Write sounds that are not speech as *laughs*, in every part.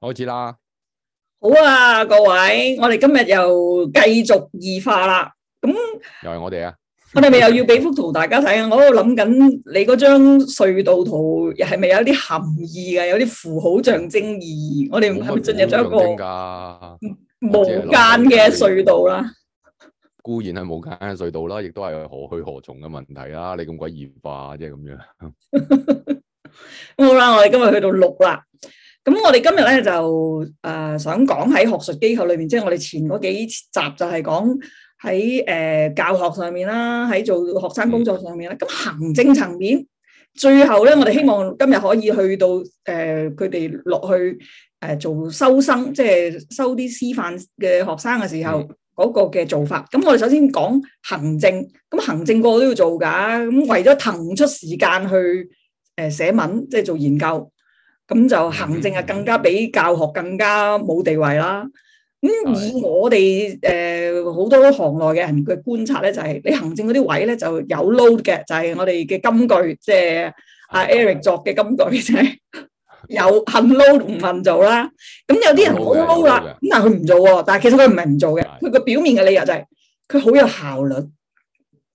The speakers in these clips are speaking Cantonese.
開始啦！好啊，各位，我哋今日又繼續異化啦。咁又係我哋啊！我哋咪又要俾幅圖大家睇啊！我喺度諗緊你嗰張隧道圖，係咪有啲含義嘅？有啲符號象徵意義？我哋係咪進入咗一個象徵噶無間嘅隧道啦，道 *laughs* 固然係無間嘅隧道啦，亦都係何去何從嘅問題啦。你咁鬼言化即啫，咁樣。 *laughs* 好啦，我哋今日去到六啦。咁我哋今日咧就誒、呃、想講喺學術機構裏面，即、就、係、是、我哋前嗰幾集就係講。喺誒教學上面啦，喺做學生工作上面啦，咁行政層面，最後咧，我哋希望今日可以去到誒佢哋落去誒、呃、做收生，即係收啲師範嘅學生嘅時候嗰個嘅做法。咁我哋首先講行政，咁行政個個都要做㗎。咁為咗騰出時間去誒寫文，即係做研究，咁就行政係更加比教學更加冇地位啦。咁、嗯、以我哋誒好多行內嘅人嘅觀察咧，就係、是、你行政嗰啲位咧就有 load 嘅，就係、是、我哋嘅金句，即係阿 Eric 作嘅金句，即、就、係、是、有含 load 唔肯做啦。咁、嗯、有啲人好 load 啦，咁但係佢唔做喎。但係、啊、其實佢唔係唔做嘅，佢個的表面嘅理由就係佢好有效率。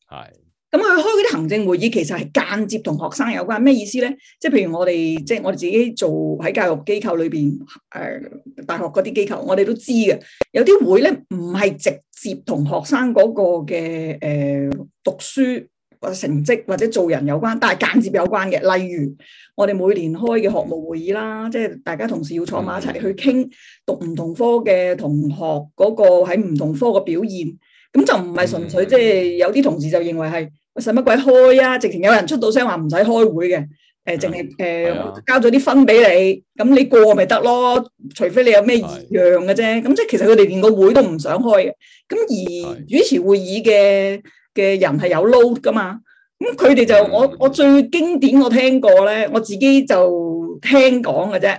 係。咁佢開嗰啲行政會議，其實係間接同學生有關。咩意思咧？即係譬如我哋，即係我哋自己做喺教育機構裏邊，誒、呃、大學嗰啲機構，我哋都知嘅。有啲會咧唔係直接同學生嗰個嘅誒、呃、讀書或者成績或者做人有關，但係間接有關嘅。例如我哋每年開嘅學務會議啦，即係大家同事要坐埋一齊去傾讀唔同科嘅同學嗰個喺唔同科嘅表現。咁就唔係純粹即係、嗯、有啲同事就認為係。使乜鬼開啊？直情有人出到聲話唔使開會嘅，誒、呃，淨係誒交咗啲分俾你，咁你過咪得咯？除非你有咩異樣嘅啫。咁即係其實佢哋連個會都唔想開嘅。咁而主持的會議嘅嘅人係有 load 噶嘛？咁佢哋就的我，我最經典我聽過咧，我自己就聽講嘅啫。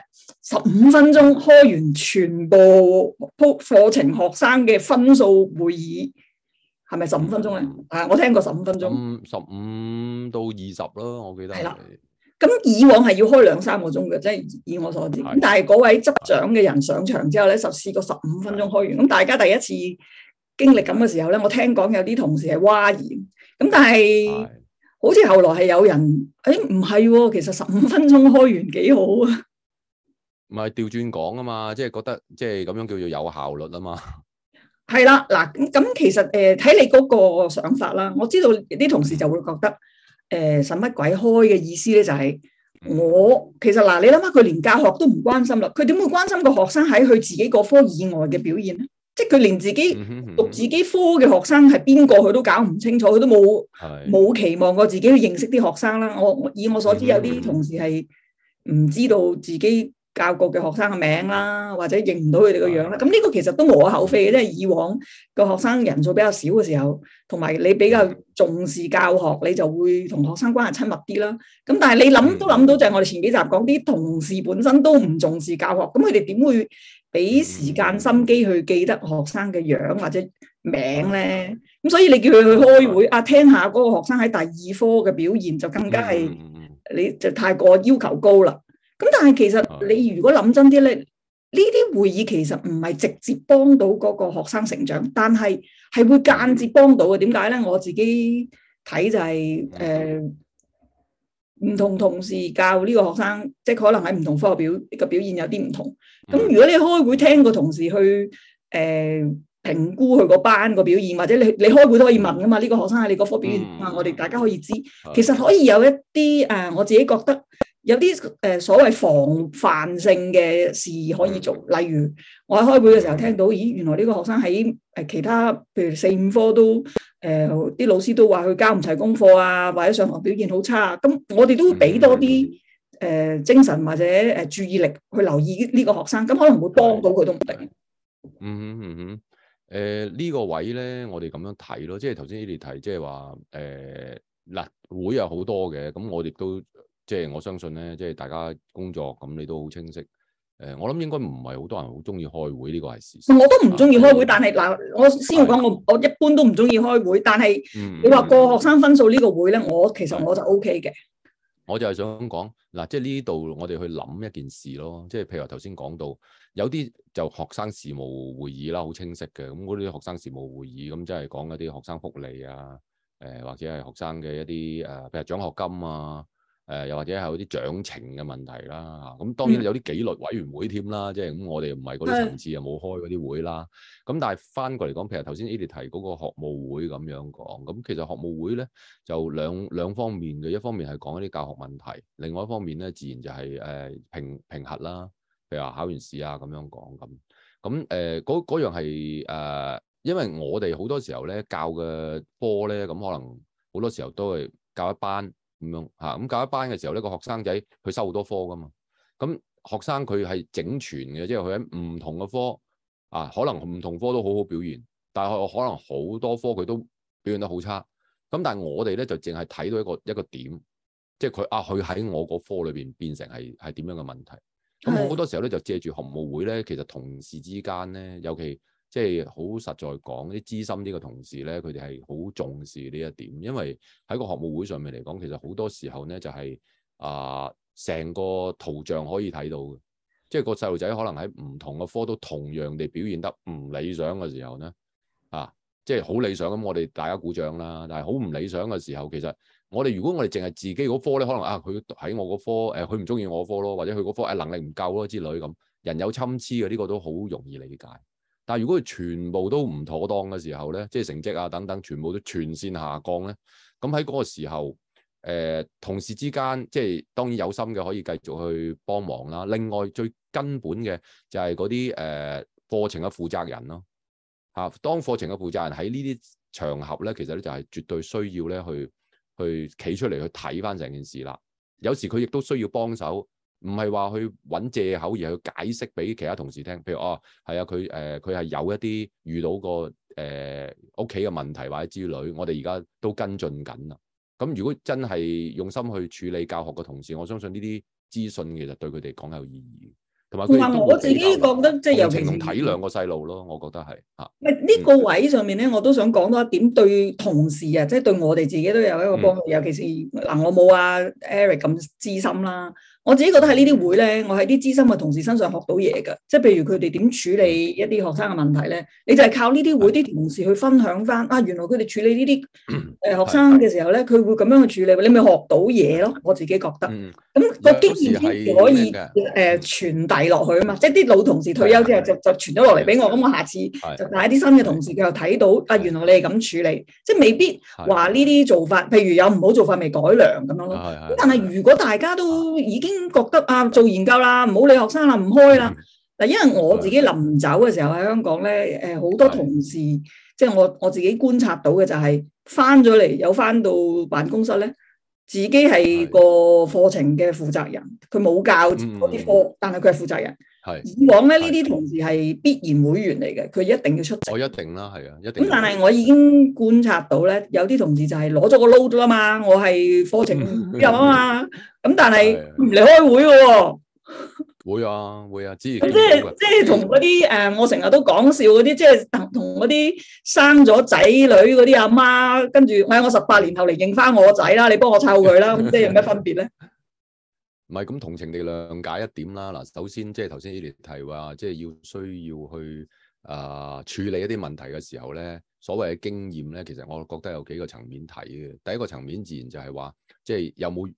十五分鐘開完全部鋪課程學生嘅分數會議。係咪十五分鐘啊？啊，我聽過十五分鐘，十五、嗯、到二十咯，我記得係啦。咁以往係要開兩三個鐘嘅，即係以我所知。咁的但係嗰位執掌嘅人上場之後咧，就試過十五分鐘開完。咁的大家第一次經歷咁嘅時候咧，的我聽講有啲同事係嘩然。咁但係的好似後來係有人，誒、哎，唔係，其實十五分鐘開完幾好啊。唔係調轉講啊嘛，即、就、係、是、覺得即係咁樣叫做有效率啊嘛。係啦，嗱，咁咁，其實誒，睇、呃、你嗰個想法啦。我知道啲同事就會覺得，誒、呃，神乜鬼開嘅意思咧，就係，就係我其實嗱、呃，你諗下佢連教學都唔關心啦，佢點會關心個學生喺佢自己嗰科以外嘅表現咧？即係佢連自己讀自己科嘅學生係邊個，佢都搞唔清楚，佢都冇冇的期望過自己去認識啲學生啦。我以我所知，有啲同事係唔知道自己。教過嘅學生嘅名啦，或者認唔到佢哋嘅樣啦，咁呢、嗯、個其實都無可厚非嘅，即係以往個學生人數比較少嘅時候，同埋你比較重視教學，你就會同學生關係親密啲啦。咁但係你諗都諗到，就係我哋前幾集講啲同事本身都唔重視教學，咁佢哋點會俾時間心機去記得學生嘅樣或者名咧？咁所以你叫佢去開會啊，聽下嗰個學生喺第二科嘅表現，就更加係你就太過要求高啦。咁但係其實，你如果諗真啲咧，呢啲會議其實唔係直接幫到嗰個學生成長，但係係會間接幫到嘅。點解咧？我自己睇就係、是、誒，唔、呃、同同事教呢個學生，即係可能喺唔同科嘅表、這個表現有啲唔同。咁如果你開會聽個同事去誒評、呃、估佢個班個表現，或者你你開會都可以問㗎嘛？呢、這個學生喺你個科表現啊，嗯、我哋大家可以知。嗯、其實可以有一啲誒、呃，我自己覺得。有啲誒所謂防範性嘅事可以做，例如我喺開會嘅時候聽到，咦，原來呢個學生喺誒其他譬如四五科都誒啲、呃、老師都話佢交唔齊功課啊，或者上堂表現好差，咁我哋都會俾多啲誒、嗯呃、精神或者誒注意力去留意呢個學生，咁可能會幫到佢都唔定。嗯嗯誒呢、呃這個位咧，我哋咁樣睇咯，即係頭先你哋提即係話誒，嗱、呃、會有好多嘅，咁我哋都。即係我相信咧，即係大家工作咁，你都好清晰。誒，我諗應該唔係好多人好中意開會呢個係事實。我都唔中意開會，開會的但係嗱，我先講我我一般都唔中意開會，的但係你話個學生分數呢個會咧，我其實我就 O K 嘅。我就係想講嗱，即係呢度我哋去諗一件事咯。即係譬如話頭先講到有啲就學生事務會議啦，好清晰嘅。咁嗰啲學生事務會議咁，即係講一啲學生福利啊，誒或者係學生嘅一啲誒，譬如獎學金啊。誒又或者係嗰啲獎懲嘅問題啦嚇，咁當然有啲紀律委員會添啦，嗯、即係咁我哋唔係嗰啲層次的又冇開嗰啲會啦。咁但係翻過嚟講，譬如頭先 A 啲提嗰個學務會咁樣講，咁其實學務會咧就兩兩方面嘅，一方面係講一啲教學問題，另外一方面咧自然就係、是、誒、呃、評評核啦，譬如話考完試啊咁樣講咁。咁誒嗰嗰樣係、呃、因為我哋好多時候咧教嘅科咧咁，可能好多時候都係教一班。咁樣吓，咁、嗯、教一班嘅時候，呢個學生仔佢收好多科噶嘛，咁、嗯、學生佢係整全嘅，即係佢喺唔同嘅科啊，可能唔同科都好好表現，但係可能好多科佢都表現得好差。咁、嗯、但係我哋咧就淨係睇到一個一個點，即係佢啊，佢喺我嗰科裏邊變成係係點樣嘅問題。咁我好多時候咧就借住學務會咧，其實同事之間咧，尤其。即係好實在講，啲資深啲嘅同事咧，佢哋係好重視呢一點，因為喺個學務會上面嚟講，其實好多時候咧就係、是、啊，成、呃、個圖像可以睇到嘅，即係個細路仔可能喺唔同嘅科都同樣地表現得唔理想嘅時候咧啊，即係好理想咁，我哋大家鼓掌啦。但係好唔理想嘅時候，其實我哋如果我哋淨係自己嗰科咧，可能啊，佢喺我嗰科誒，佢唔中意我科咯，或者佢嗰科誒、啊、能力唔夠咯之類咁，人有參差嘅呢個都好容易理解。但係如果佢全部都唔妥當嘅時候咧，即係成績啊等等全部都全線下降咧，咁喺嗰個時候，誒、呃、同事之間即係當然有心嘅可以繼續去幫忙啦。另外最根本嘅就係嗰啲誒課程嘅負責人咯嚇、啊。當課程嘅負責人喺呢啲場合咧，其實咧就係絕對需要咧去去企出嚟去睇翻成件事啦。有時佢亦都需要幫手。唔係話去揾借口，而係去解釋俾其他同事聽，譬如哦，係啊，佢誒佢係有一啲遇到過誒屋企嘅問題或者之類，我哋而家都跟進緊啦。咁如果真係用心去處理教學嘅同事，我相信呢啲資訊其實對佢哋講有意義，同埋同埋我自己覺得即係同情同體諒個細路咯，我覺得係嚇。唔係呢個位上面咧，我都想講多一點對同事啊，即係對我哋自己都有一個幫助，尤其是嗱，我冇啊 Eric 咁資深啦。我自己覺得喺呢啲會咧，我喺啲資深嘅同事身上學到嘢㗎，即係譬如佢哋點處理一啲學生嘅問題咧，你就係靠呢啲會啲同事去分享翻啊，原來佢哋處理呢啲誒學生嘅時候咧，佢會咁樣去處理，你咪學到嘢咯。我自己覺得，咁個經驗先可以誒傳遞落去啊嘛，即係啲老同事退休之後就就傳咗落嚟俾我，咁我下次就帶啲新嘅同事佢又睇到啊，原來你係咁處理，即係未必話呢啲做法，譬如有唔好做法未改良咁樣咯。咁但係如果大家都已經覺得啊，做研究啦，唔好理學生啦，唔開啦。嗱，因為我自己臨走嘅時候喺香港咧，誒，好多同事，即係我我自己觀察到嘅就係翻咗嚟，有翻到辦公室咧，自己係個課程嘅負責人，佢冇教嗰啲課，但係佢係負責人。係以往咧，呢啲同事係必然會員嚟嘅，佢一定要出席。我一定啦，係啊，一定。咁但係我已經觀察到咧，有啲同事就係攞咗個 load 咗嘛，我係課程入啊嘛，咁、嗯嗯、但係唔嚟開會嘅喎，哦。會啊，會啊，之前。即即係同嗰啲誒，我成日都講笑嗰啲，即係同同嗰啲生咗仔女嗰啲阿媽，跟住我喺我十八年後嚟認翻我仔啦，你幫我湊佢啦，咁即係有咩分別咧？ *laughs* 唔係咁同情地諒解一點啦。嗱，首先即係頭先呢 l i 提話，即係要、啊、需要去啊、呃、處理一啲問題嘅時候咧，所謂嘅經驗咧，其實我覺得有幾個層面睇嘅。第一個層面自然就係話，即係有冇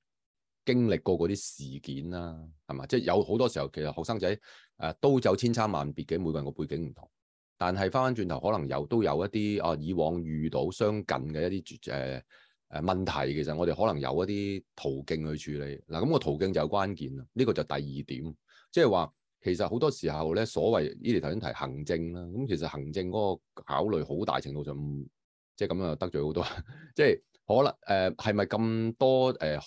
經歷過嗰啲事件啦、啊，係嘛？即係有好多時候，其實學生仔誒、呃、都走千差萬別嘅，每個人個背景唔同。但係翻返轉頭，可能有都有一啲啊以往遇到相近嘅一啲誒。呃誒問題，其實我哋可能有一啲途徑去處理。嗱，咁個途徑就有關鍵啦。呢、這個就第二點，即係話其實好多時候咧，所謂呢啲頭先提行政啦，咁其實行政嗰個考慮好大程度上即係咁樣得罪好多，即係可能誒係咪咁多誒好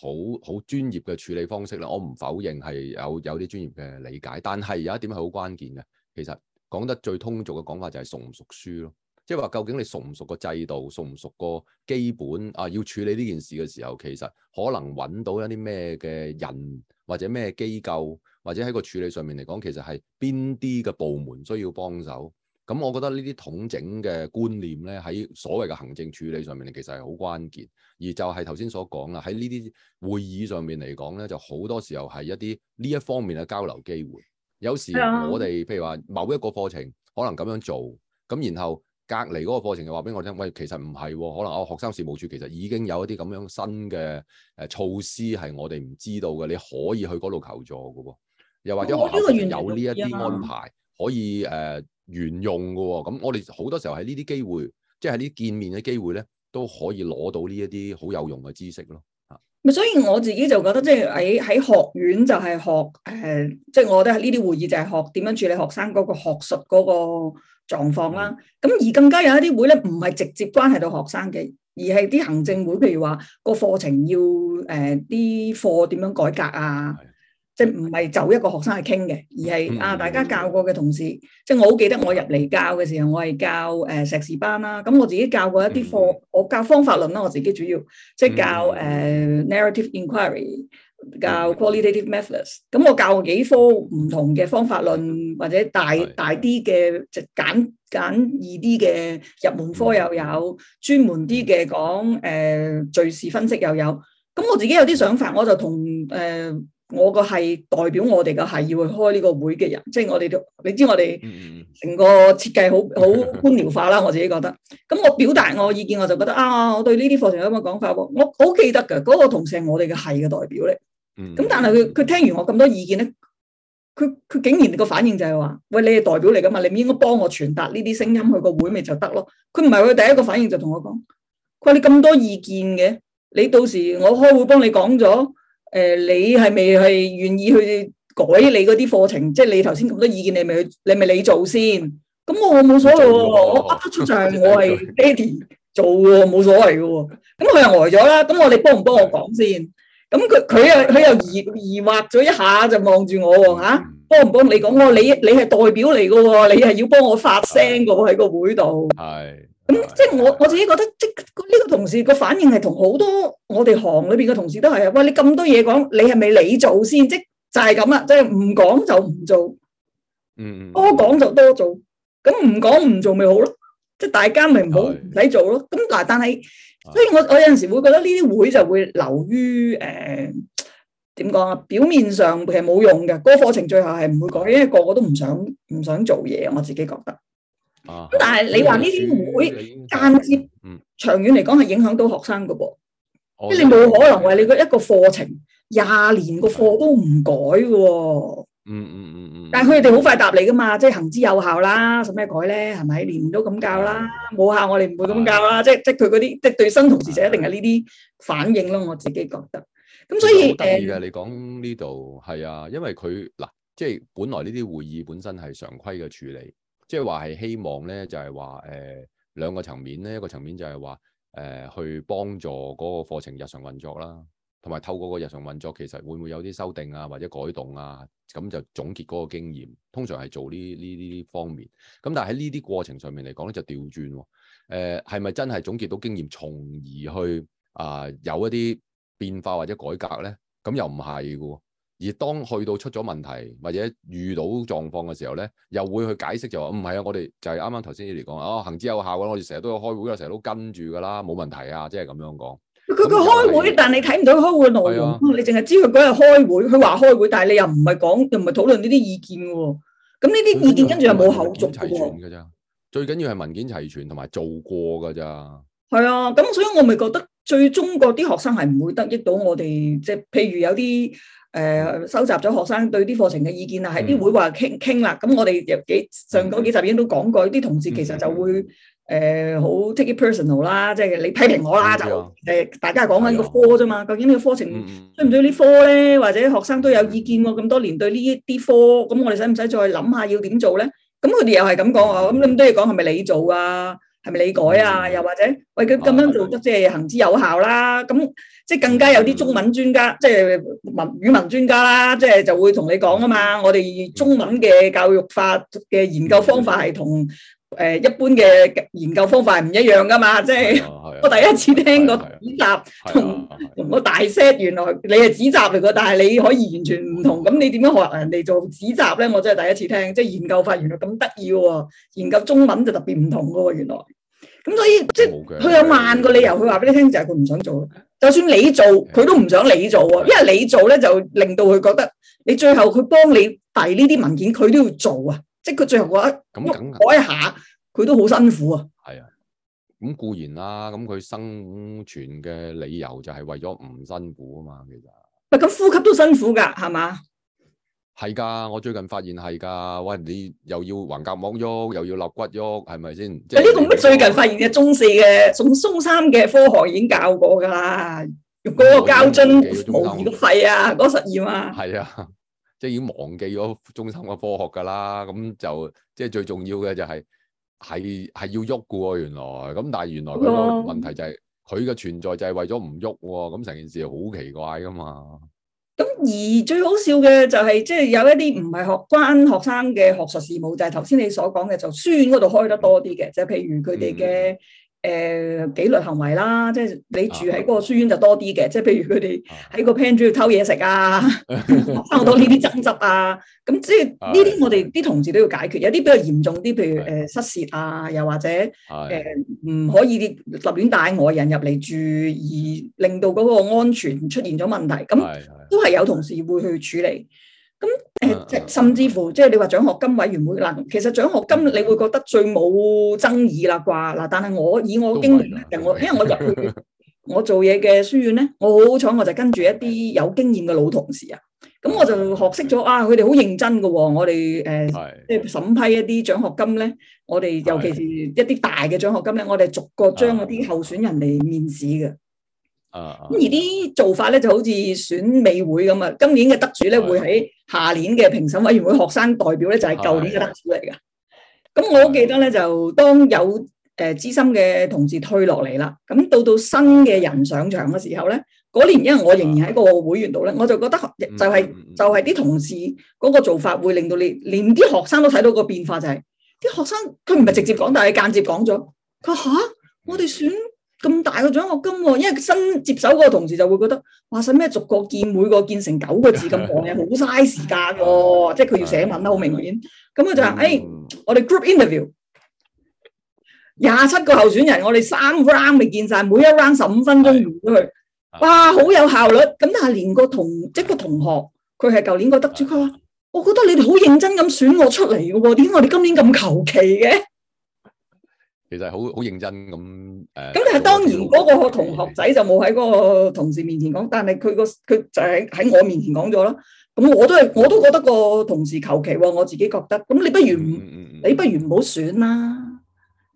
好專業嘅處理方式咧？我唔否認係有有啲專業嘅理解，但係有一點係好關鍵嘅，其實講得最通俗嘅講法就係熟唔熟書咯。即係話，究竟你熟唔熟個制度，熟唔熟個基本啊？要處理呢件事嘅時候，其實可能揾到一啲咩嘅人，或者咩機構，或者喺個處理上面嚟講，其實係邊啲嘅部門需要幫手。咁我覺得呢啲統整嘅觀念咧，喺所謂嘅行政處理上面咧，其實係好關鍵。而就係頭先所講啦，喺呢啲會議上面嚟講咧，就好多時候係一啲呢一方面嘅交流機會。有時我哋譬如話某一個課程可能咁樣做，咁然後。隔籬嗰個課程就話俾我聽，喂，其實唔係、哦，可能我學生事務處其實已經有一啲咁樣的新嘅誒措施，係我哋唔知道嘅。你可以去嗰度求助嘅、哦，又或者、哦、學校有呢一啲安排，可以誒沿、呃、用嘅、哦。咁、嗯、我哋好多時候喺呢啲機會，即係喺呢見面嘅機會咧，都可以攞到呢一啲好有用嘅知識咯。吓，咪所以我自己就覺得，即係喺喺學院就係學誒，即、呃、係、就是、我覺得呢啲會議就係學點樣處理學生嗰個學術嗰、嗰個。狀況啦，咁而更加有一啲會咧，唔係直接關係到學生嘅，而係啲行政會，譬如話個課程要誒啲課點樣改革啊，的即係唔係就一個學生去傾嘅，而係、嗯、啊大家教過嘅同事，即係我好記得我入嚟教嘅時候，我係教誒碩、呃、士班啦，咁我自己教過一啲課，嗯、我教方法論啦，我自己主要即係教誒、嗯 uh, narrative inquiry。教 qualitative methods，咁我教幾科唔同嘅方法論，或者大大啲嘅即係簡簡易啲嘅入門科又有，專門啲嘅講誒敘事分析又有。咁我自己有啲想法，我就同誒、呃、我個係代表我哋個係要去開呢個會嘅人，即係我哋，都，你知我哋成個設計、嗯、好好官僚化啦，我自己覺得。咁我表達我意見，我就覺得啊，我對呢啲課程有乜講法喎，我好記得噶。嗰、那個同事係我哋嘅係嘅代表咧。咁但係佢佢聽完我咁多意見咧，佢佢竟然個反應就係話：喂，你係代表嚟噶嘛？你唔應該幫我傳達呢啲聲音去個會，咪就得咯。佢唔係佢第一個反應就同我講，佢話你咁多意見嘅，你到時我開會幫你講咗，誒、呃，你係咪係願意去改你嗰啲課程？即係你頭先咁多意見，你咪去，你咪你做先。咁我冇所謂喎，我噏得出賬，幫幫我係爹哋做喎，冇所謂噶喎。咁佢又呆咗啦。咁我哋幫唔幫我講先？咁佢佢啊佢又疑疑惑咗一下就望住我喎嚇，幫唔幫你講喎？你你係代表嚟噶喎？你係要幫我發聲噶喎？喺個會度係，咁即係我我自己覺得即係呢個同事個反應係同好多我哋行裏邊嘅同事都係啊！喂，你咁多嘢講，你係咪你做先？即係就係咁啦，即係唔講就唔做，嗯嗯，多講就多做，咁唔講唔做咪好咯？即係大家咪唔好唔使做咯。咁嗱，但係。所以我我有陣時會覺得呢啲會就會流於誒點講啊，表面上其實冇用嘅，嗰個課程最後係唔會改，因為個個都唔想唔想做嘢，我自己覺得。咁、啊、但係你話呢啲會間接，嗯、長遠嚟講係影響到學生噶噃，即係、嗯、你冇可能話你個一個課程廿年個課都唔改。嗯嗯嗯嗯，嗯嗯但係佢哋好快答你噶嘛，即、就、係、是、行之有效啦。使咩改咧？係咪連都咁教啦？冇、嗯、效我哋唔會咁教啦。嗯、即係即係佢啲，即係對新同事就一定係呢啲反應咯。嗯、我自己覺得。咁所以誒，好得意嘅你講呢度係啊，因為佢嗱，即、啊、係、就是、本來呢啲會議本身係常規嘅處理，即係話係希望咧，就係話誒兩個層面咧，一個層面就係話誒去幫助嗰個課程日常運作啦。同埋透過個日常運作，其實會唔會有啲修訂啊，或者改動啊？咁就總結嗰個經驗，通常係做呢呢啲方面。咁但係喺呢啲過程上面嚟講咧，就調轉誒，呃、係咪真係總結到經驗，從而去啊、呃、有一啲變化或者改革咧？咁又唔係㗎。而當去到出咗問題或者遇到狀況嘅時候咧，又會去解釋就話唔係啊，我哋就係啱啱頭先嚟講啊，行之有效㗎。我哋成日都有開會啊，成日都跟住㗎啦，冇問題啊，即係咁樣講。佢佢開會，但你睇唔到佢開會嘅內容。啊、你淨係知佢嗰日開會，佢話開會，但係你又唔係講，又唔係討論呢啲意見喎。咁呢啲意見跟住又冇後續喎。最緊要係文件齊全同埋做過㗎咋。係啊，咁所以我咪覺得，最終嗰啲學生係唔會得益到我哋。即係譬如有啲誒、呃、收集咗學生對啲課程嘅意見啊，喺啲會話傾傾啦。咁、嗯、我哋又幾上嗰幾集都講過，啲同事其實就會。嗯嗯誒好、呃、take it personal 啦，即係你批評我啦、嗯、就誒，大家講緊個科啫嘛。哎、呦究竟對對呢個課程需唔需要呢科咧？或者學生都有意見喎、哦。咁多年對呢一啲科，咁我哋使唔使再諗下要點做咧？咁佢哋又係咁講喎。咁咁多嘢講，係咪你做啊？係咪你改啊？嗯、又或者喂佢咁樣做得即係行之有效啦。咁即係更加有啲中文專家，即係文語文專家啦，即、就、係、是、就會同你講啊嘛。我哋中文嘅教育法嘅研究方法係同。嗯誒、呃，一般嘅研究方法係唔一樣噶嘛，即係、啊啊、我第一次聽過指習同同個大 set，原來你係指習嚟噶，但係你可以完全唔同。咁你點樣學人哋做指習咧？我真係第一次聽，即係研究法原來咁得意喎。研究中文就特別唔同嘅喎，原來咁所以即係佢的有萬個理由，佢話俾你聽就係佢唔想做。就算你做，佢都唔想你做啊，因為你做咧就令到佢覺得你最後佢幫你遞呢啲文件，佢都要做啊。佢最後話，咁梗，我一下佢都好辛苦啊！係啊，咁固然啦，咁佢生存嘅理由就係為咗唔辛苦啊嘛，其實。咪咁呼吸都辛苦噶，係嘛？係噶，我最近發現係噶，喂，你又要橫隔膜喐，又要肋骨喐，係咪先？啊呢個乜？最近發現嘅中四嘅，從中三嘅科學已經教過噶啦，嗰個膠樽，肺啊，嗰、那個、實驗啊，係啊。即係已經忘記咗中心嘅科學噶啦，咁就即係最重要嘅就係係係要喐噶喎，原來咁，但係原來佢個問題就係佢嘅存在就係為咗唔喐，咁成件事好奇怪噶嘛。咁而最好笑嘅就係即係有一啲唔係學關學生嘅學術事務，就係頭先你所講嘅就書院嗰度開得多啲嘅，就是、譬如佢哋嘅。嗯誒，紀、呃、律行為啦，即係你住喺嗰個書院就多啲嘅，啊、即係譬如佢哋喺個 pantry 要偷嘢食啊，發生好多呢啲爭執啊，咁即係呢啲我哋啲同事都要解決。有啲比較嚴重啲，譬如誒失竊啊，又或者誒唔、啊啊呃、可以立亂帶外人入嚟住，而令到嗰個安全出現咗問題，咁都係有同事會去處理。咁誒，即係、嗯嗯、甚至乎，即係你話獎學金委員會嗱，其實獎學金你會覺得最冇爭議啦啩嗱，但係我以我經驗，我因為我入去 *laughs* 我做嘢嘅書院咧，我好彩我就跟住一啲有經驗嘅老同事啊，咁我就學識咗啊，佢哋好認真㗎喎、哦，我哋誒即係審批一啲獎學金咧，我哋尤其是一啲大嘅獎學金咧，的我哋逐個將嗰啲候選人嚟面試嘅。啊！咁而啲做法咧就好似選美會咁啊！今年嘅得主咧會喺下年嘅評審委員會學生代表咧就係舊年嘅得主嚟噶。咁的我記得咧就當有誒資深嘅同事退落嚟啦，咁到到新嘅人上場嘅時候咧，嗰年因為我仍然喺個會員度咧，的我就覺得就係、是、就係、是、啲同事嗰個做法會令到你連啲學生都睇到個變化、就是，就係啲學生佢唔係直接講，但係間接講咗佢吓，我哋選。咁大個獎學金喎、哦，因為新接手嗰個同事就會覺得，話使咩逐個見每個見成九個字咁講嘢，好嘥時間喎、哦， *laughs* 即係佢要寫文啦，好 *laughs* 明顯。咁佢 *laughs* 就話，誒、哎，我哋 group interview 廿七個候選人，我哋三 round 未見晒，每一 round 十五分鐘完咗佢， *laughs* 哇，好有效率。咁但係連個同即個同學，佢係舊年個得主佢話，我覺得你哋好認真咁選我出嚟嘅喎，點解你今年咁求其嘅？其實好好認真咁誒，咁但係當然嗰個同學仔就冇喺嗰個同事面前講，但係佢個佢就喺喺我面前講咗咯。咁我都係我都覺得個同事求其喎，我自己覺得。咁你不如唔你不如唔好選啦，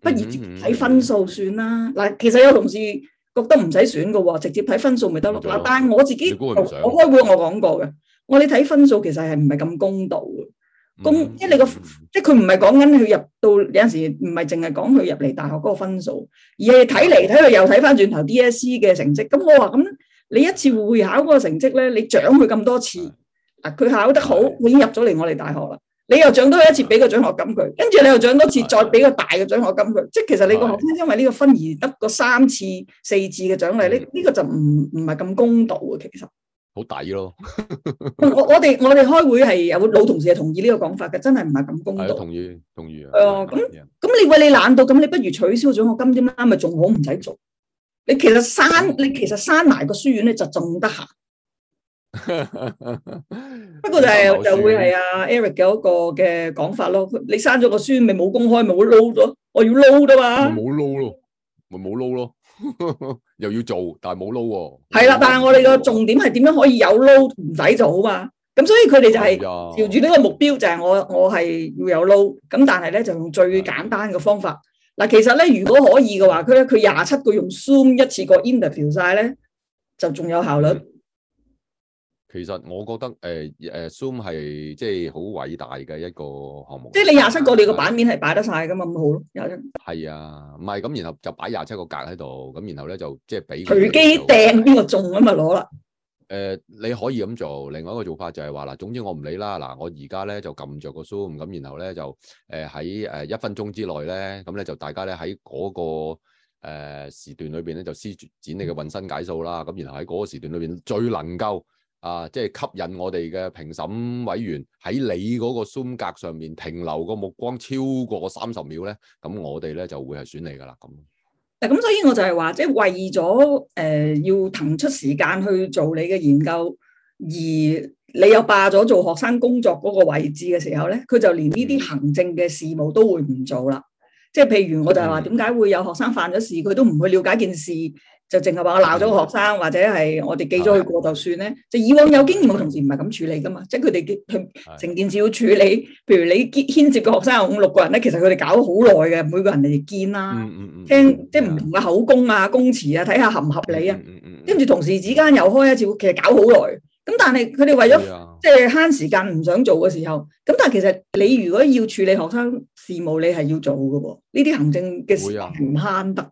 不如睇分數算啦。嗱，其實有同事覺得唔使選㗎喎，直接睇分數咪得咯。嗱，但係我自己我開會我講過嘅，我哋睇分數其實係唔係咁公道嘅。公、嗯、即係你個，即係佢唔係講緊佢入到有陣時唔係淨係講佢入嚟大學嗰個分數，而係睇嚟睇去又睇翻轉頭 DSE 嘅成績。咁我話咁，你一次會考嗰個成績咧，你獎佢咁多次，嗱佢的考得好，佢的已經入咗嚟我哋大學啦。你又獎多一次俾個獎學金佢，跟住你又獎多次再俾個大嘅獎學金佢，即係其實你個學生因為呢個分而得個三次、四次嘅獎勵，呢呢的個就唔唔係咁公道啊，其實。好抵咯！我我我哋我哋開會係有老同事係同意呢個講法嘅，真係唔係咁公道。係同意同意。哦，咁咁你喂，你懶到咁，你不如取消咗個金針啦，咪仲好唔使做。你其實刪你其實刪埋個書院咧，就仲得閒。不過就就會係阿 Eric 嘅一個嘅講法咯。你刪咗個書院，咪冇公開，咪會撈咗。我要撈噶嘛。冇撈咯，咪冇撈咯。 *laughs* 又要做，但係冇撈喎。係啦， *noise* 但係我哋個重點係點樣可以有撈唔使做好嘛？咁所以佢哋就係朝住呢個目標就，就係我我係要有撈，咁但係咧就用最簡單嘅方法。嗱了，其實咧如果可以嘅話，佢咧佢廿七個用 zoom 一次過 interview 晒咧，就仲有效率。 *noise* 其實我覺得誒誒、呃呃、Zoom 係即係好偉大嘅一個項目，即係你廿七個你個版面係擺得晒噶嘛，咁好咯。係啊的，唔係咁，然後就擺廿七個格喺度，咁然後咧就即係俾隨機掟邊個格格中咁啊攞啦。誒、呃，你可以咁做，另外一個做法就係話嗱，總之我唔理啦。嗱，我而家咧就撳着個 Zoom，咁然後咧就誒喺誒一分鐘之內咧，咁咧就大家咧喺嗰個誒、呃、時段裏邊咧就施展你嘅渾身解數啦，咁然後喺嗰個時段裏邊最能夠。啊！即係吸引我哋嘅評審委員喺你嗰個 Zoom 格上面停留個目光超過三十秒咧，咁我哋咧就會係選你噶啦。咁嗱，咁所以我就係話，即係為咗誒、呃、要騰出時間去做你嘅研究，而你又霸咗做學生工作嗰個位置嘅時候咧，佢就連呢啲行政嘅事務都會唔做啦。即係譬如，我就係話，點解、嗯、會有學生犯咗事，佢都唔去了解件事？就淨係話我鬧咗個學生，或者係我哋記咗佢過就算咧。的就以往有經驗嘅同事唔係咁處理噶嘛，的即係佢哋成件事要處理。譬如你牽涉個學生有五六個人咧，其實佢哋搞好耐嘅，每個人嚟見啦，嗯嗯嗯，聽的即係唔同嘅口供啊、供詞啊，睇下合唔合理啊。跟住、嗯嗯嗯嗯、同事之間又開一次會，其實搞好耐。咁但係佢哋為咗的的即係慳時間唔想做嘅時候，咁但係其實你如果要處理學生事務，你係要做嘅喎。呢啲行政嘅事唔慳得。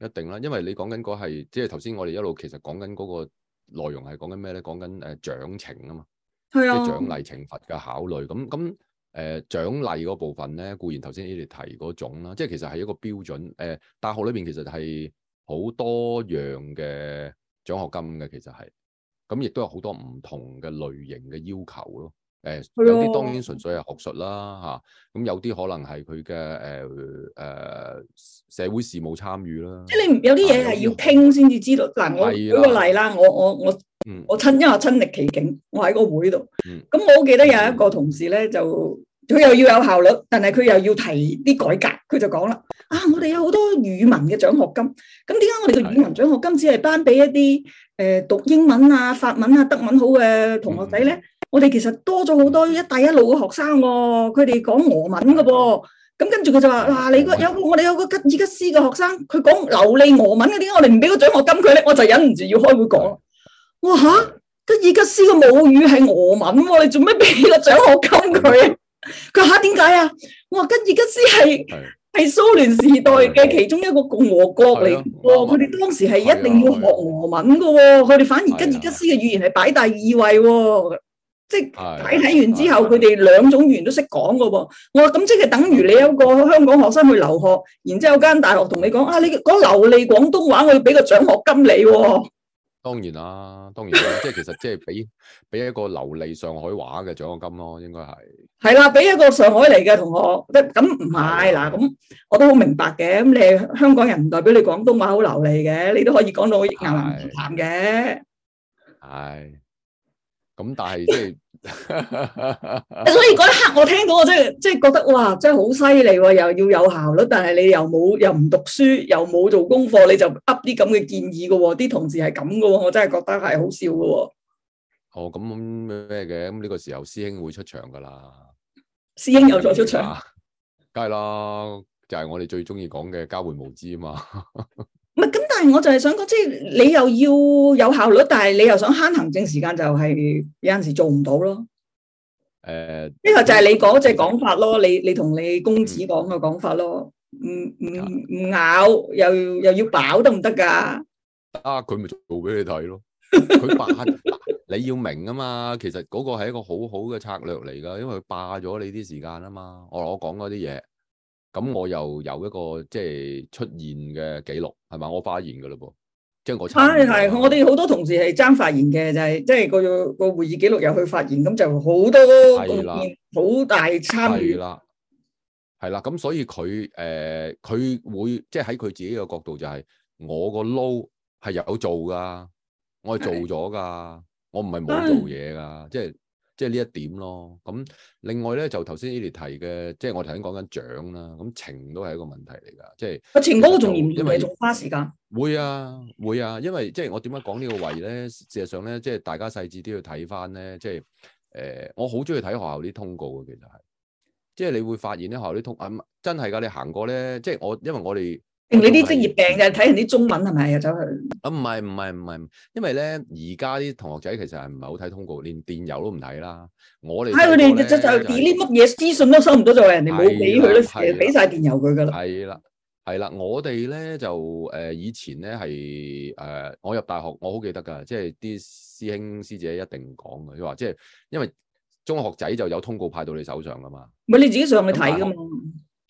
一定啦，因為你講緊嘅係，即係頭先我哋一路其實講緊嗰個內容係講緊咩咧？講緊誒獎懲啊嘛，即係係啊，獎勵懲罰嘅考慮。咁咁誒獎勵嗰部分咧，固然頭先你哋提嗰種啦，即係其實係一個標準。誒、呃、大學裏邊其實係好多樣嘅獎學金嘅，其實係咁，亦都有好多唔同嘅類型嘅要求咯。誒，有啲當然純粹係學術啦，吓咁的、啊、有啲可能係佢嘅誒誒社會事務參與啦。即係你有啲嘢係要傾先至知道，嗱的我舉個例啦的，我我我、嗯、我親，因為我親歷其境，我喺個會度，咁、嗯、我好記得有一個同事咧，就佢又要有效率，但係佢又要提啲改革，佢就講啦，啊，我哋有好多語文嘅獎學金，咁點解我哋嘅語文獎學金只係頒俾一啲誒讀英文啊、法文啊、德文好嘅同學仔咧？我哋其實多咗好多一帶一路嘅學生，佢哋講俄文噶噃，咁跟住佢就話，嗱，你個有我哋有個吉爾吉斯嘅學生，佢講流利俄文嘅，點解我哋唔俾個獎學金佢咧？我就忍唔住要開會講。我吓，吉爾吉斯嘅母語係俄文，你做咩俾個獎學金佢？佢吓點解啊？我話吉爾吉斯係係蘇聯時代嘅其中一個共和國嚟，佢哋當時係一定要學俄文噶，佢哋反而吉爾吉斯嘅語言係擺第二位。即係睇睇完之後，佢哋兩種語言都識講噶噃。我咁即係等於你有一個香港學生去留學，然之後有間大學同你講啊，你講流利廣東話，我要俾個獎學金你，啊。當然啦、啊，當然、啊、即係其實即係俾俾一個流利上海話嘅獎學金咯、啊，應該係。係啦，俾一個上海嚟嘅同學，即咁唔係嗱咁，我都好明白嘅。咁你係香港人，唔代表你廣東話好流利嘅，你都可以講到牙牙舌嘅。係。咁但係， *laughs* *laughs* 所以嗰一刻我聽到我真係，真係覺得哇，真係好犀利，又要有效率，但係你又冇，又唔讀書，又冇做功課，你就噏啲咁嘅建議噶、啊，啲同事係咁噶，我真係覺得係好笑嘅、啊、哦，咁咩嘅？咁呢個時候師兄會出場噶啦。師兄又再出場，梗係啦，就係、是、我哋最中意講嘅交換無知啊嘛。 *laughs* 唔係，咁但係我就係想講，即係你又要有效率，但係你又想慳行政時間，就係有陣時做唔到咯。誒，呢個就係你嗰隻講法咯，你你同你公子講嘅講法咯，唔唔唔咬又又要飽得唔得噶？啊，佢咪做俾你睇咯，佢霸，你要明啊嘛。其實嗰個係一個好好嘅策略嚟噶，因為佢霸咗你啲時間啊嘛。我我講嗰啲嘢。咁我又有一個即係出現嘅記錄，係嘛？我發現嘅嘞噃，即、就、係、是、我查。 *noise* 我哋好多同事係爭發現嘅，就係、是、即係、個個會議記錄入去發現，咁就好多好大參與。係啦，係啦，咁所以佢誒佢會即係喺佢自己嘅角度，就係我個 low 係有做噶，我係做咗噶，我唔係冇做嘢噶，即、嗯、係。即係呢一點咯。咁另外咧，就頭先 Eli 提嘅，即係我頭先講緊獎啦。咁情都係一個問題嚟㗎。即係情嗰個仲嚴重，因為仲花時間。會啊會啊，因為即係我點解講呢個位咧？事實上咧，即係大家細緻都要睇翻咧，即係誒、呃，我好中意睇學校啲通告嘅，其實係。即係你會發現咧，學校啲通告啊，真係㗎，你行過咧，即係我，因為我哋。你啲職業病就係睇人啲中文，係咪啊？走去啊，唔係唔係唔係，因為咧，而家啲同學仔其實係唔係好睇通告，連電郵都唔睇啦。我哋睇佢哋就就 delete 乜嘢資訊都收唔到，就係人哋冇俾佢啦，俾晒電郵佢噶啦。係啦係啦，我哋咧就、誒、呃、以前咧係誒我入大學我好記得噶，即係啲師兄師姐一定講嘅，佢話即係因為中學仔就有通告派到你手上噶嘛。唔係你自己上去睇噶嘛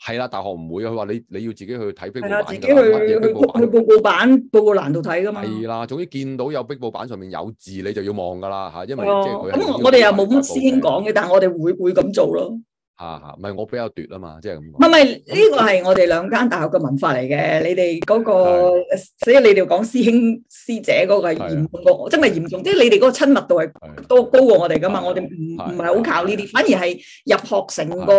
係啦，大學唔會啊，佢話你你要自己去睇壁報版，係啊，自己去版去去去報告版報告欄度睇噶嘛。係啦，總之見到有壁報版上面有字，你就要望噶啦吓，因為、哦、即係佢。咁、哦、我我哋又冇乜師兄講嘅，但係我哋會會咁做咯。啊，唔係我比較奪啊嘛，即係咁講。唔係唔係，呢個係我哋兩間大學嘅文化嚟嘅。你哋嗰個，所以你哋講師兄師姐嗰個嚴重過，真係嚴重？即係你哋嗰個親密度係都高過我哋噶嘛。我哋唔唔係好靠呢啲，反而係入學成個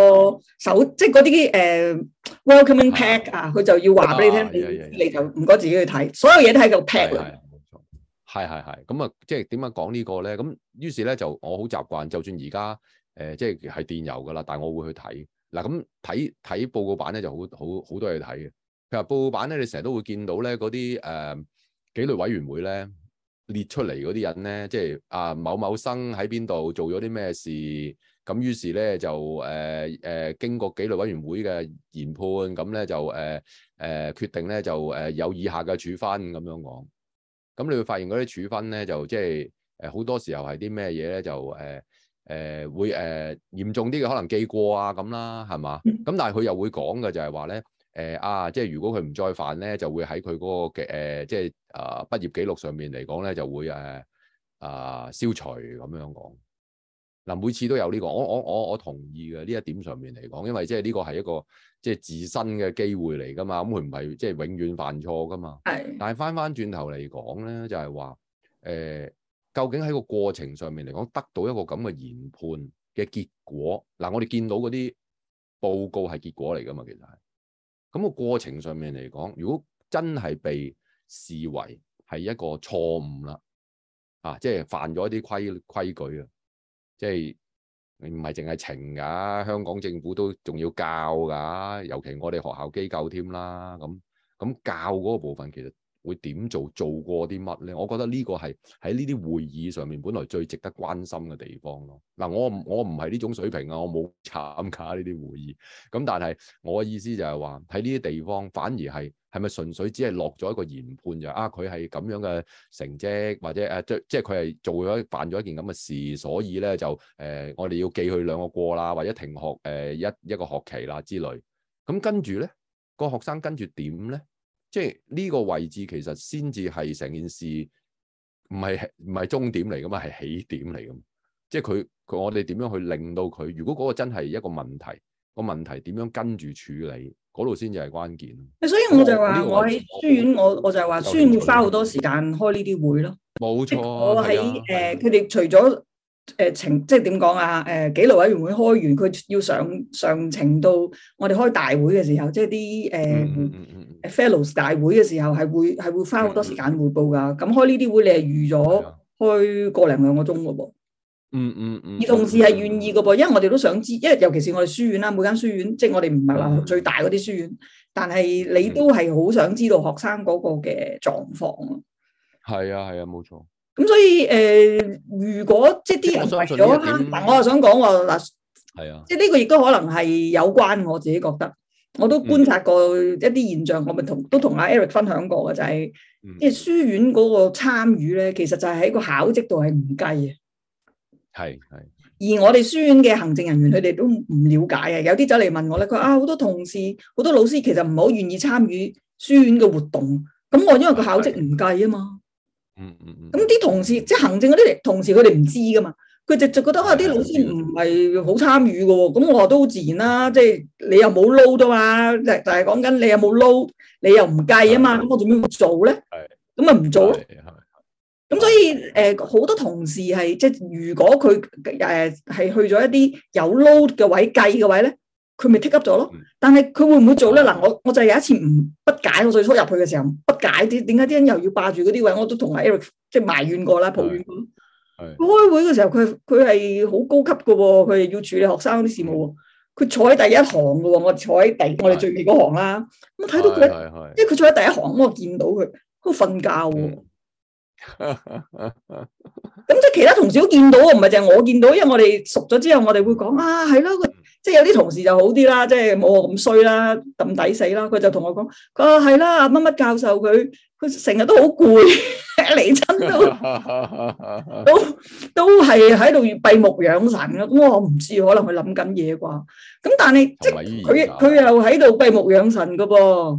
手，即係嗰啲誒 welcoming pack 啊，佢就要話俾你聽，你就唔該自己去睇，所有嘢都喺度 pack。係係係，咁啊，即係點樣講呢個咧？咁於是咧就我好習慣，就算而家。誒、呃、即係電郵㗎啦，但係我會去睇嗱。咁睇睇報告版咧就好好好多嘢睇嘅。譬如報告版咧，你成日都會見到咧嗰啲誒紀律委員會咧列出嚟嗰啲人咧，即係啊某某生喺邊度做咗啲咩事咁。於是咧就誒誒、呃呃、經過紀律委員會嘅研判，咁咧就誒誒、呃呃、決定咧就誒有以下嘅處分咁樣講。咁你會發現嗰啲處分咧就即係誒好多時候係啲咩嘢咧就誒。就就呃嗯嗯誒、呃、會誒、呃、嚴重啲嘅可能記過啊咁啦，係嘛？咁但係佢又會講嘅就係話咧，誒、呃、啊，即係如果佢唔再犯咧，就會喺佢嗰個嘅誒、呃，即係啊、呃、畢業記錄上面嚟講咧，就會誒啊、呃、消除咁樣講。嗱、啊，每次都有呢、這個，我我我我同意嘅呢一點上面嚟講，因為即係呢個係一個即係自身嘅機會嚟噶嘛，咁佢唔係即係永遠犯錯噶嘛。係。但係翻翻轉頭嚟講咧，就係話誒。呃究竟喺個過程上面嚟講，得到一個咁嘅研判嘅結果，嗱，我哋見到嗰啲報告係結果嚟噶嘛？其實係咁個過程上面嚟講，如果真係被視為係一個錯誤啦，啊，即係犯咗一啲規規矩啊，即係你唔係淨係情㗎？香港政府都仲要教㗎，尤其我哋學校機構添啦，咁咁教嗰部分其實。會點做？做過啲乜咧？我覺得呢個係喺呢啲會議上面本來最值得關心嘅地方咯。嗱，我我唔係呢種水平啊，我冇參加呢啲會議。咁但係我嘅意思就係話，喺呢啲地方反而係係咪純粹只係落咗一個研判，就啊佢係咁樣嘅成績，或者誒、啊、即即係佢係做咗犯咗一件咁嘅事，所以咧就誒、呃、我哋要記佢兩個過啦，或者停學誒、呃、一一個學期啦之類。咁跟住咧個學生跟住點咧？即係呢個位置，其實先至係成件事，唔係唔係終點嚟噶嘛，係起點嚟噶。即係佢佢我哋點樣去令到佢？如果嗰個真係一個問題，個問題點樣跟住處理，嗰度先至係關鍵。所以我就話，我喺書院，哦、我我，院我，我就係話，書院要花好多時間開呢啲會咯。冇錯，我喺誒，佢哋除咗。誒，程、呃、即係點講啊？誒、呃，紀律委員會開完，佢要上上程到我哋開大會嘅時候，即係啲誒 Fellows 大會嘅時候，係會係會花好多時間匯報噶。咁開呢啲會，你係預咗開個零兩個鐘嘅噃。嗯嗯嗯。Hmm. 而同時係願意嘅噃，因為我哋都想知，因為尤其是我哋書院啦，每間書院，即係我哋唔係話最大嗰啲書院，但係你都係好想知道學生嗰個嘅狀況咯。係、mm hmm. *noise* 啊，係啊，冇錯。咁所以誒、呃，如果即係啲人為咗，嗱，我又想講喎，嗱、呃，係啊，即係呢個亦都可能係有關我自己覺得，我都觀察過一啲現象，嗯、我咪同都同阿 Eric 分享過嘅，就係即係書院嗰個參與咧，其實就係喺個考績度係唔計嘅。係係。而我哋書院嘅行政人員，佢哋都唔了解嘅。有啲走嚟問我咧，佢啊好多同事、好多老師，其實唔係好願意參與書院嘅活動。咁我因為個考績唔計啊嘛。是嗯嗯嗯，咁啲同事即係行政嗰啲同事，佢哋唔知噶嘛，佢直就覺得啊，啲老師唔係好參與噶，咁我話都好自然啦，即係你又冇 load 到啊，就係講緊你又冇 load 你又唔計啊嘛，咁的我做咩的做咧？係，咁咪唔做咯。咁所以誒，好、呃、多同事係即係如果佢誒係去咗一啲有 load 嘅位計嘅位咧。佢咪 take up 咗咯？但係佢會唔會做咧？嗱的，我我就係有一次唔不，不解，我最初入去嘅時候不解啲點解啲人又要霸住嗰啲位，我都同阿 Eric 即係埋怨過啦，抱怨過。的開會嘅時候，佢佢係好高級嘅喎，佢係要處理學生啲事務喎。佢的坐喺第一行嘅喎，我坐喺第我哋最邊行啦。我睇的到佢，的因為佢坐喺第一行，我見到佢喺度瞓覺喎。咁是的 *laughs* 即係其他同事都見到，唔係淨係我見到，因為我哋熟咗之後，我哋會講啊，係咯。即係有啲同事就好啲啦，即係冇我咁衰啦，咁抵死啦。佢就同我講，佢話係啦，阿乜乜教授佢，佢成日都好攰，嚟親都都都係喺度閉目養神啊。咁我唔知，可能佢諗緊嘢啩。咁但係即係佢佢又喺度閉目養神噶噃。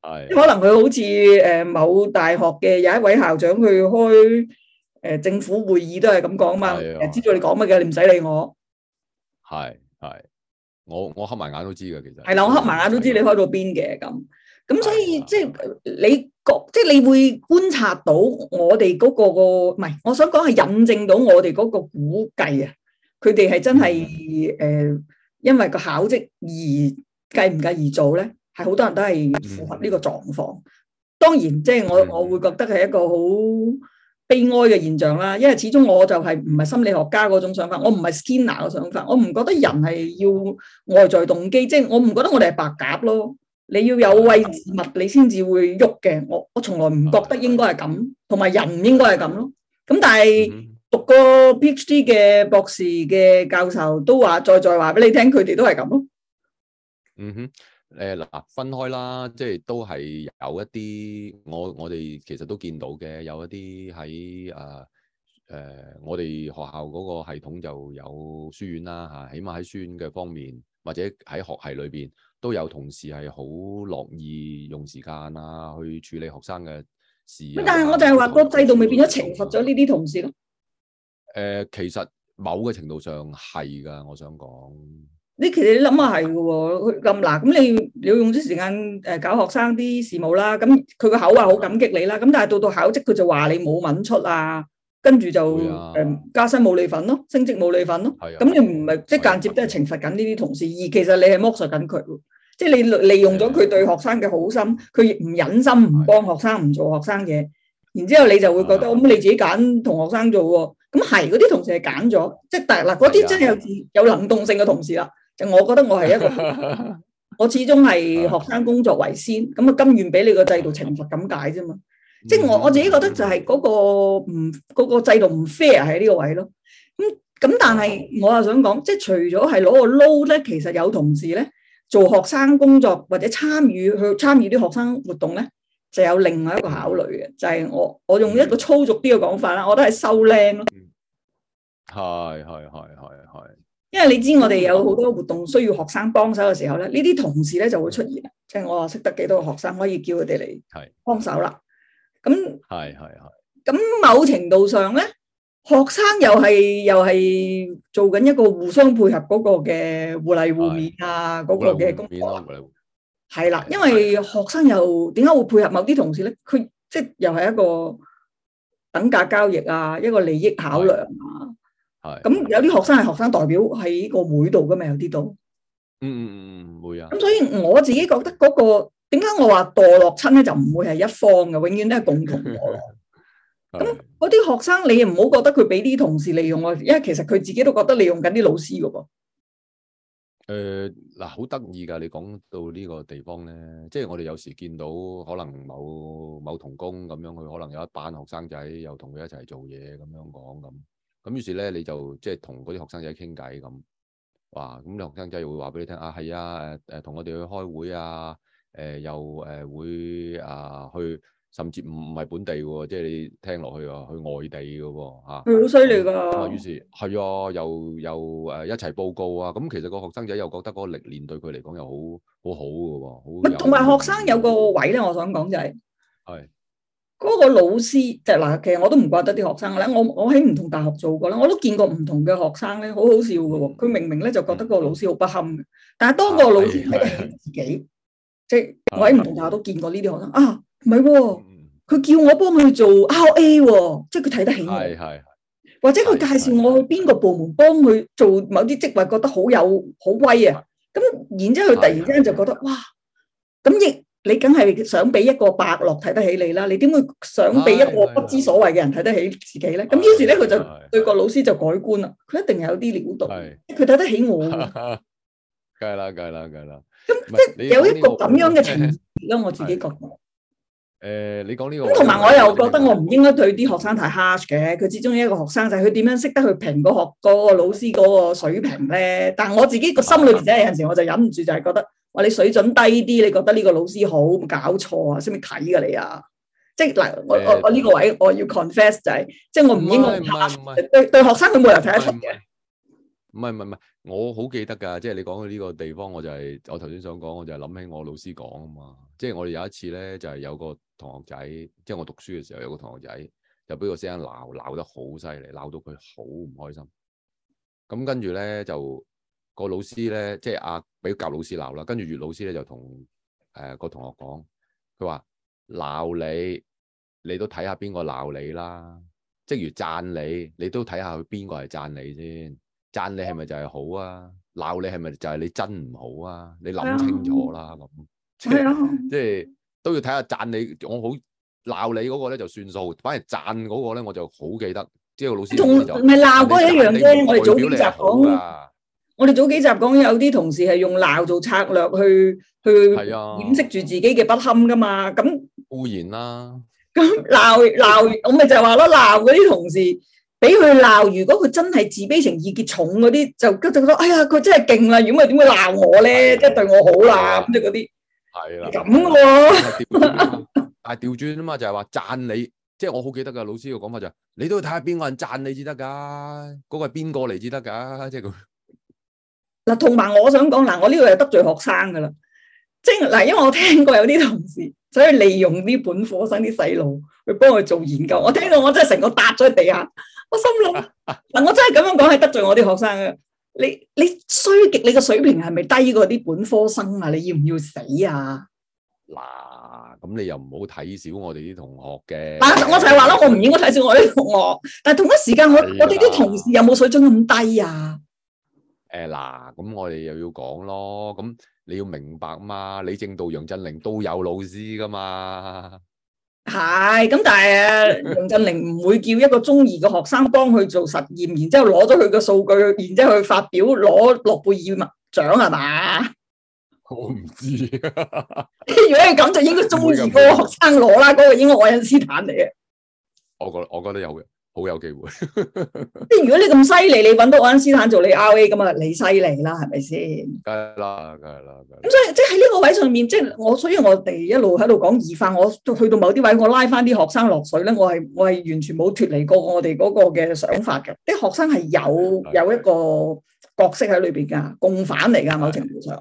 係，可能佢好似誒某大學嘅有一位校長去開誒政府會議都係咁講啊嘛。知道你講乜嘅，你唔使理我。係。係，我我黑埋眼都知噶，其實係啦，我黑埋眼都知你開到邊嘅咁，咁所以的即係你覺，即係你會觀察到我哋嗰個個，唔係，我想講係印證到我哋嗰個估計啊，佢哋係真係誒、嗯呃，因為個考績而計唔計而做咧，係好多人都係符合呢個狀況。嗯、當然，即係我我會覺得係一個好悲哀嘅現象啦，因為始終我就係唔係心理學家嗰種想法，我唔係 Skinner 嘅想法，我唔覺得人係要外在動機，即係我唔覺得我哋係白鴿咯。你要有為物，你先至會喐嘅。我我從來唔覺得應該係咁，同埋人唔應該係咁咯。咁但係讀過 PhD 嘅博士嘅教授都話再再話俾你聽，佢哋都係咁咯。嗯哼。誒，嗱、呃、分開啦，即係都係有一啲，我我哋其實都見到嘅，有一啲喺誒誒，我哋學校嗰個系統就有書院啦吓，起碼喺書院嘅方面，或者喺學系裏邊都有同事係好樂意用時間啊，去處理學生嘅事。咁但係我就係話個制度未變咗懲罰咗呢啲同事咯。誒、呃，其實某個程度上係噶，我想講。你其實你諗下係嘅喎，佢咁，嗱，咁你你要用啲時間誒搞學生啲事務啦，咁佢個口話好感激你啦，咁但係到到考績佢就話你冇文出啊，跟住就誒加薪冇你份咯，升職冇你份咯，咁你唔係即係間接都係懲罰緊呢啲同事，而其實你係剝削緊佢，即係你利用咗佢對學生嘅好心，佢唔忍心唔幫學生唔做學生嘢，然之後你就會覺得咁你自己揀同學生做喎，咁係嗰啲同事係揀咗，即係但係嗱嗰啲真係有有能動性嘅同事啦。就我覺得我係一個，我始終係學生工作為先，咁啊甘願俾你個制度懲罰咁解啫嘛。即係我我自己覺得就係嗰個唔嗰個制度唔 fair 喺呢個位咯。咁咁但係我又想講，即係除咗係攞個 low 咧，其實有同事咧做學生工作或者參與去參與啲學生活動咧，就有另外一個考慮嘅，就係我我用一個粗俗啲嘅講法啦，我都係收靚咯。係係係係係。因為你知我哋有好多活動需要學生幫手嘅時候咧，呢啲同事咧就會出現，即係我啊識得幾多個學生可以叫佢哋嚟幫手啦。咁係係係。咁某程度上咧，學生又係又係做緊一個互相配合嗰個嘅互利互勉啊，嗰個嘅工作係啦。因為學生又點解會配合某啲同事咧？佢即係又係一個等價交易啊，一個利益考量。咁有啲學生係學生代表喺個會度噶嘛？有啲都，嗯嗯嗯嗯，會有啊。咁所以我自己覺得嗰個點解我話墮落親咧就唔會係一方嘅，永遠都係共同墮落。咁嗰啲學生你唔好覺得佢俾啲同事利用啊，因為其實佢自己都覺得利用緊啲老師噶噃。誒，嗱，好得意噶，你講到呢個地方咧，即係我哋有時見到可能某某同工咁樣，佢可能有一班學生仔又同佢一齊做嘢咁樣講咁。咁於是咧，你就即係同嗰啲學生仔傾偈咁，哇！咁啲學生仔又會話俾你聽啊，係啊，誒誒，同我哋去開會啊，誒、呃、又誒、呃、會啊去，甚至唔唔係本地喎，即係你聽落去啊，去外地嘅喎嚇，好犀利㗎。於是係啊，又又誒、呃、一齊報告啊。咁、嗯、其實個學生仔又覺得嗰個歷練對佢嚟講又好好好嘅喎，好。同埋學生有個位咧，我想講就係、係。係。嗰個老師就嗱，其實我都唔怪得啲學生咧。我我喺唔同大學做過咧，我都見過唔同嘅學生咧，好好笑嘅喎。佢明明咧就覺得個老師好不堪嘅，但係當個老師睇得起自己，即係的我喺唔同大學都見過呢啲學生啊，唔係喎，佢叫我幫佢做 RA 喎，即係佢睇得起我。係的或者佢介紹我去邊個部門幫佢做某啲職位，覺得好有好威啊。咁的然之後，佢突然之間就覺得的哇，咁亦。你梗係想俾一個伯樂睇得起你啦，你點會想俾一個不知所謂嘅人睇得起自己咧？咁的於是咧，佢的就對個老師就改觀啦。佢一定有啲料到，佢睇的得起我。梗係啦，梗係啦，梗係啦。咁那是即係有一個咁樣嘅情節咯，的我自己覺得。誒，你講呢個咁同埋，我又覺得我唔應該對啲學生太 harsh 嘅。佢始終一個學生就係佢點樣識得去評嗰學個老師嗰個水平咧。但係我自己個心裏面咧，有陣時我就忍唔住就係、是、覺得。你水準低啲，你覺得呢個老師好？搞錯啊！識唔識睇㗎你啊？即係嗱，我、嗯、我我呢個位，我要 confess 就係、是，即係我唔應該對是對學生佢冇人睇得嘅。唔係唔係唔係，我好記得㗎。即係你講到呢個地方，我就係、是、我頭先想講，我就係諗起我老師講啊嘛。即係我哋有一次咧，就係、是、有個同學仔，即、就、係、是、我讀書嘅時候，有個同學仔就俾個師生鬧鬧得好犀利，鬧到佢好唔開心。咁跟住咧就。個老師咧，即係阿俾教老師鬧啦，跟住粵老師咧就同誒、呃、個同學講，佢話鬧你，你都睇下邊個鬧你啦。即如讚你，你都睇下佢邊個係讚你先。讚你係咪就係好啊？鬧你係咪就係你真唔好啊？你諗清楚啦，咁，即係都要睇下讚你。我好鬧你嗰個咧就算數，反而讚嗰個咧我就好記得。即係個老師同唔係鬧嗰個一樣啫。我哋早啲就講。我哋早幾集講有啲同事係用鬧做策略去去掩飾住自己嘅不堪噶嘛，咁固然啦、啊。咁鬧鬧，我咪就話咯，鬧嗰啲同事，俾佢鬧。如果佢真係自卑情意結重嗰啲，就跟住覺得哎呀，佢真係勁啦，如果佢點會鬧我咧？即係的對我好啦，即係嗰啲係啦。咁咯些，但係調轉啊嘛， *laughs* 就係話讚你，即係我好記得噶老師個講法就係、是，你都要睇下邊個人讚你至得噶，嗰、那個係邊個嚟至得噶，即係咁。就是同埋我想講，嗱，我呢度又得罪學生噶啦，即係嗱，因為我聽過有啲同事，所以利用啲本科生啲細路去幫佢做研究，我聽到我真係成個笪咗喺地下，我心諗嗱， *laughs* 我真係咁樣講係得罪我啲學生啊！你你衰極，你個水平係咪低過啲本科生啊？你要唔要死啊？嗱，咁你又唔好睇小我哋啲同學嘅。嗱、啊，我就係話咯，我唔應該睇小我啲同學，但係同一時間，的我我哋啲同事有冇水準咁低啊？誒嗱，咁我哋又要講咯，咁你要明白嘛，李政道、楊振寧都有老師噶嘛，係，咁但係楊、啊、 *laughs* 振寧唔會叫一個中意嘅學生幫佢做實驗，然之後攞咗佢嘅數據，然之後去發表攞諾貝爾獎係嘛？我唔知， *laughs* *laughs* 如果係咁就應該中意嗰個學生攞啦，嗰 *laughs* 個應該愛因斯坦嚟嘅。我覺得我覺得有嘅。好有機會！即 *laughs* 係如果你咁犀利，你揾到愛因斯坦做你 RA 咁啊，你犀利啦，係咪先？梗係啦，梗係啦。咁所以即係喺呢個位上面，即係我，所以我哋一路喺度講異化，我去到某啲位，我拉翻啲學生落水咧，我係我係完全冇脫離過我哋嗰個嘅想法嘅。啲學生係有的有一個角色喺裏邊噶，共犯嚟噶，的某程度上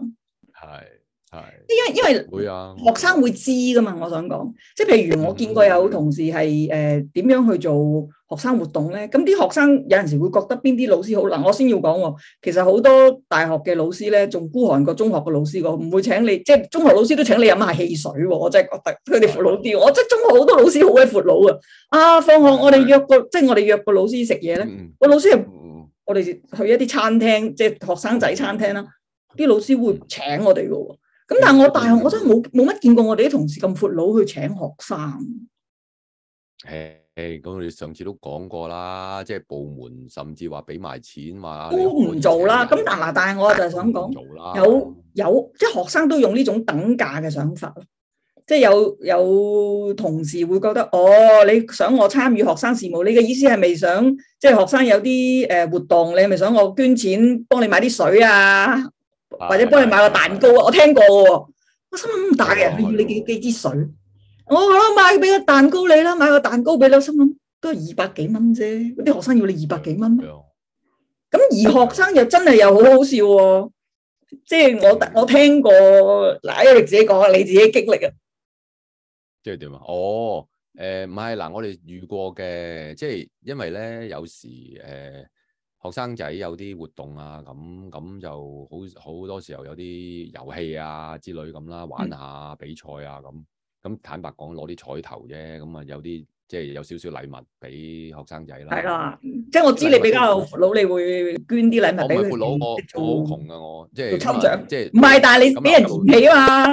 係係。因為因為、啊、會學生會知噶嘛，我想講，即係譬如我見過有同事係誒點樣去做學生活動咧，咁啲學生有陣時會覺得邊啲老師好難，我先要講喎、哦。其實好多大學嘅老師咧，仲孤寒過中學嘅老師個，唔會請你，即、就、係、是、中學老師都請你飲下汽水喎、哦。我真係覺得佢哋闊老啲。我即係中學好多老師好鬼闊老啊！啊，放學我哋約個，的即係我哋約個老師食嘢咧，個、嗯、老師係我哋去一啲餐廳，即、就、係、是、學生仔餐廳啦。啲老師會請我哋噶喎。咁但係我大學我真係冇冇乜見過我哋啲同事咁闊老去請學生。係。誒，咁我哋上次都講過啦，即係部門甚至話俾埋錢嘛，話都唔做啦。咁但係但係，我就係想講，做啦，有有，即係學生都用呢種等價嘅想法咯。即係有有同事會覺得，哦，你想我參與學生事務？你嘅意思係咪想，即係學生有啲誒活動，你係咪想我捐錢幫你買啲水啊，啊或者幫你買個蛋糕啊？的我聽過，我心咁大嘅人，你要你幾幾支水？我攞買俾個蛋糕你啦，買個蛋糕俾你，你，心諗都係二百幾蚊啫。啲學生要你二百幾蚊咩？咁而學生又真係又好好笑，啊，即係我我聽過嗱，你自己講下你自己經歷啊，即係點啊？哦，誒唔係嗱，我哋遇過嘅，即係因為咧有時誒、呃、學生仔有啲活動啊，咁咁就好好多時候有啲遊戲啊之類咁啦，玩下比賽啊咁。嗯咁坦白講，攞啲彩頭啫，咁啊有啲即係有少少禮物俾學生仔啦。係啦，即係我知你比較老，你會捐啲禮物俾佢。我唔係做，我好窮噶，我即係即係，唔係，但係你俾樣人嫌棄啊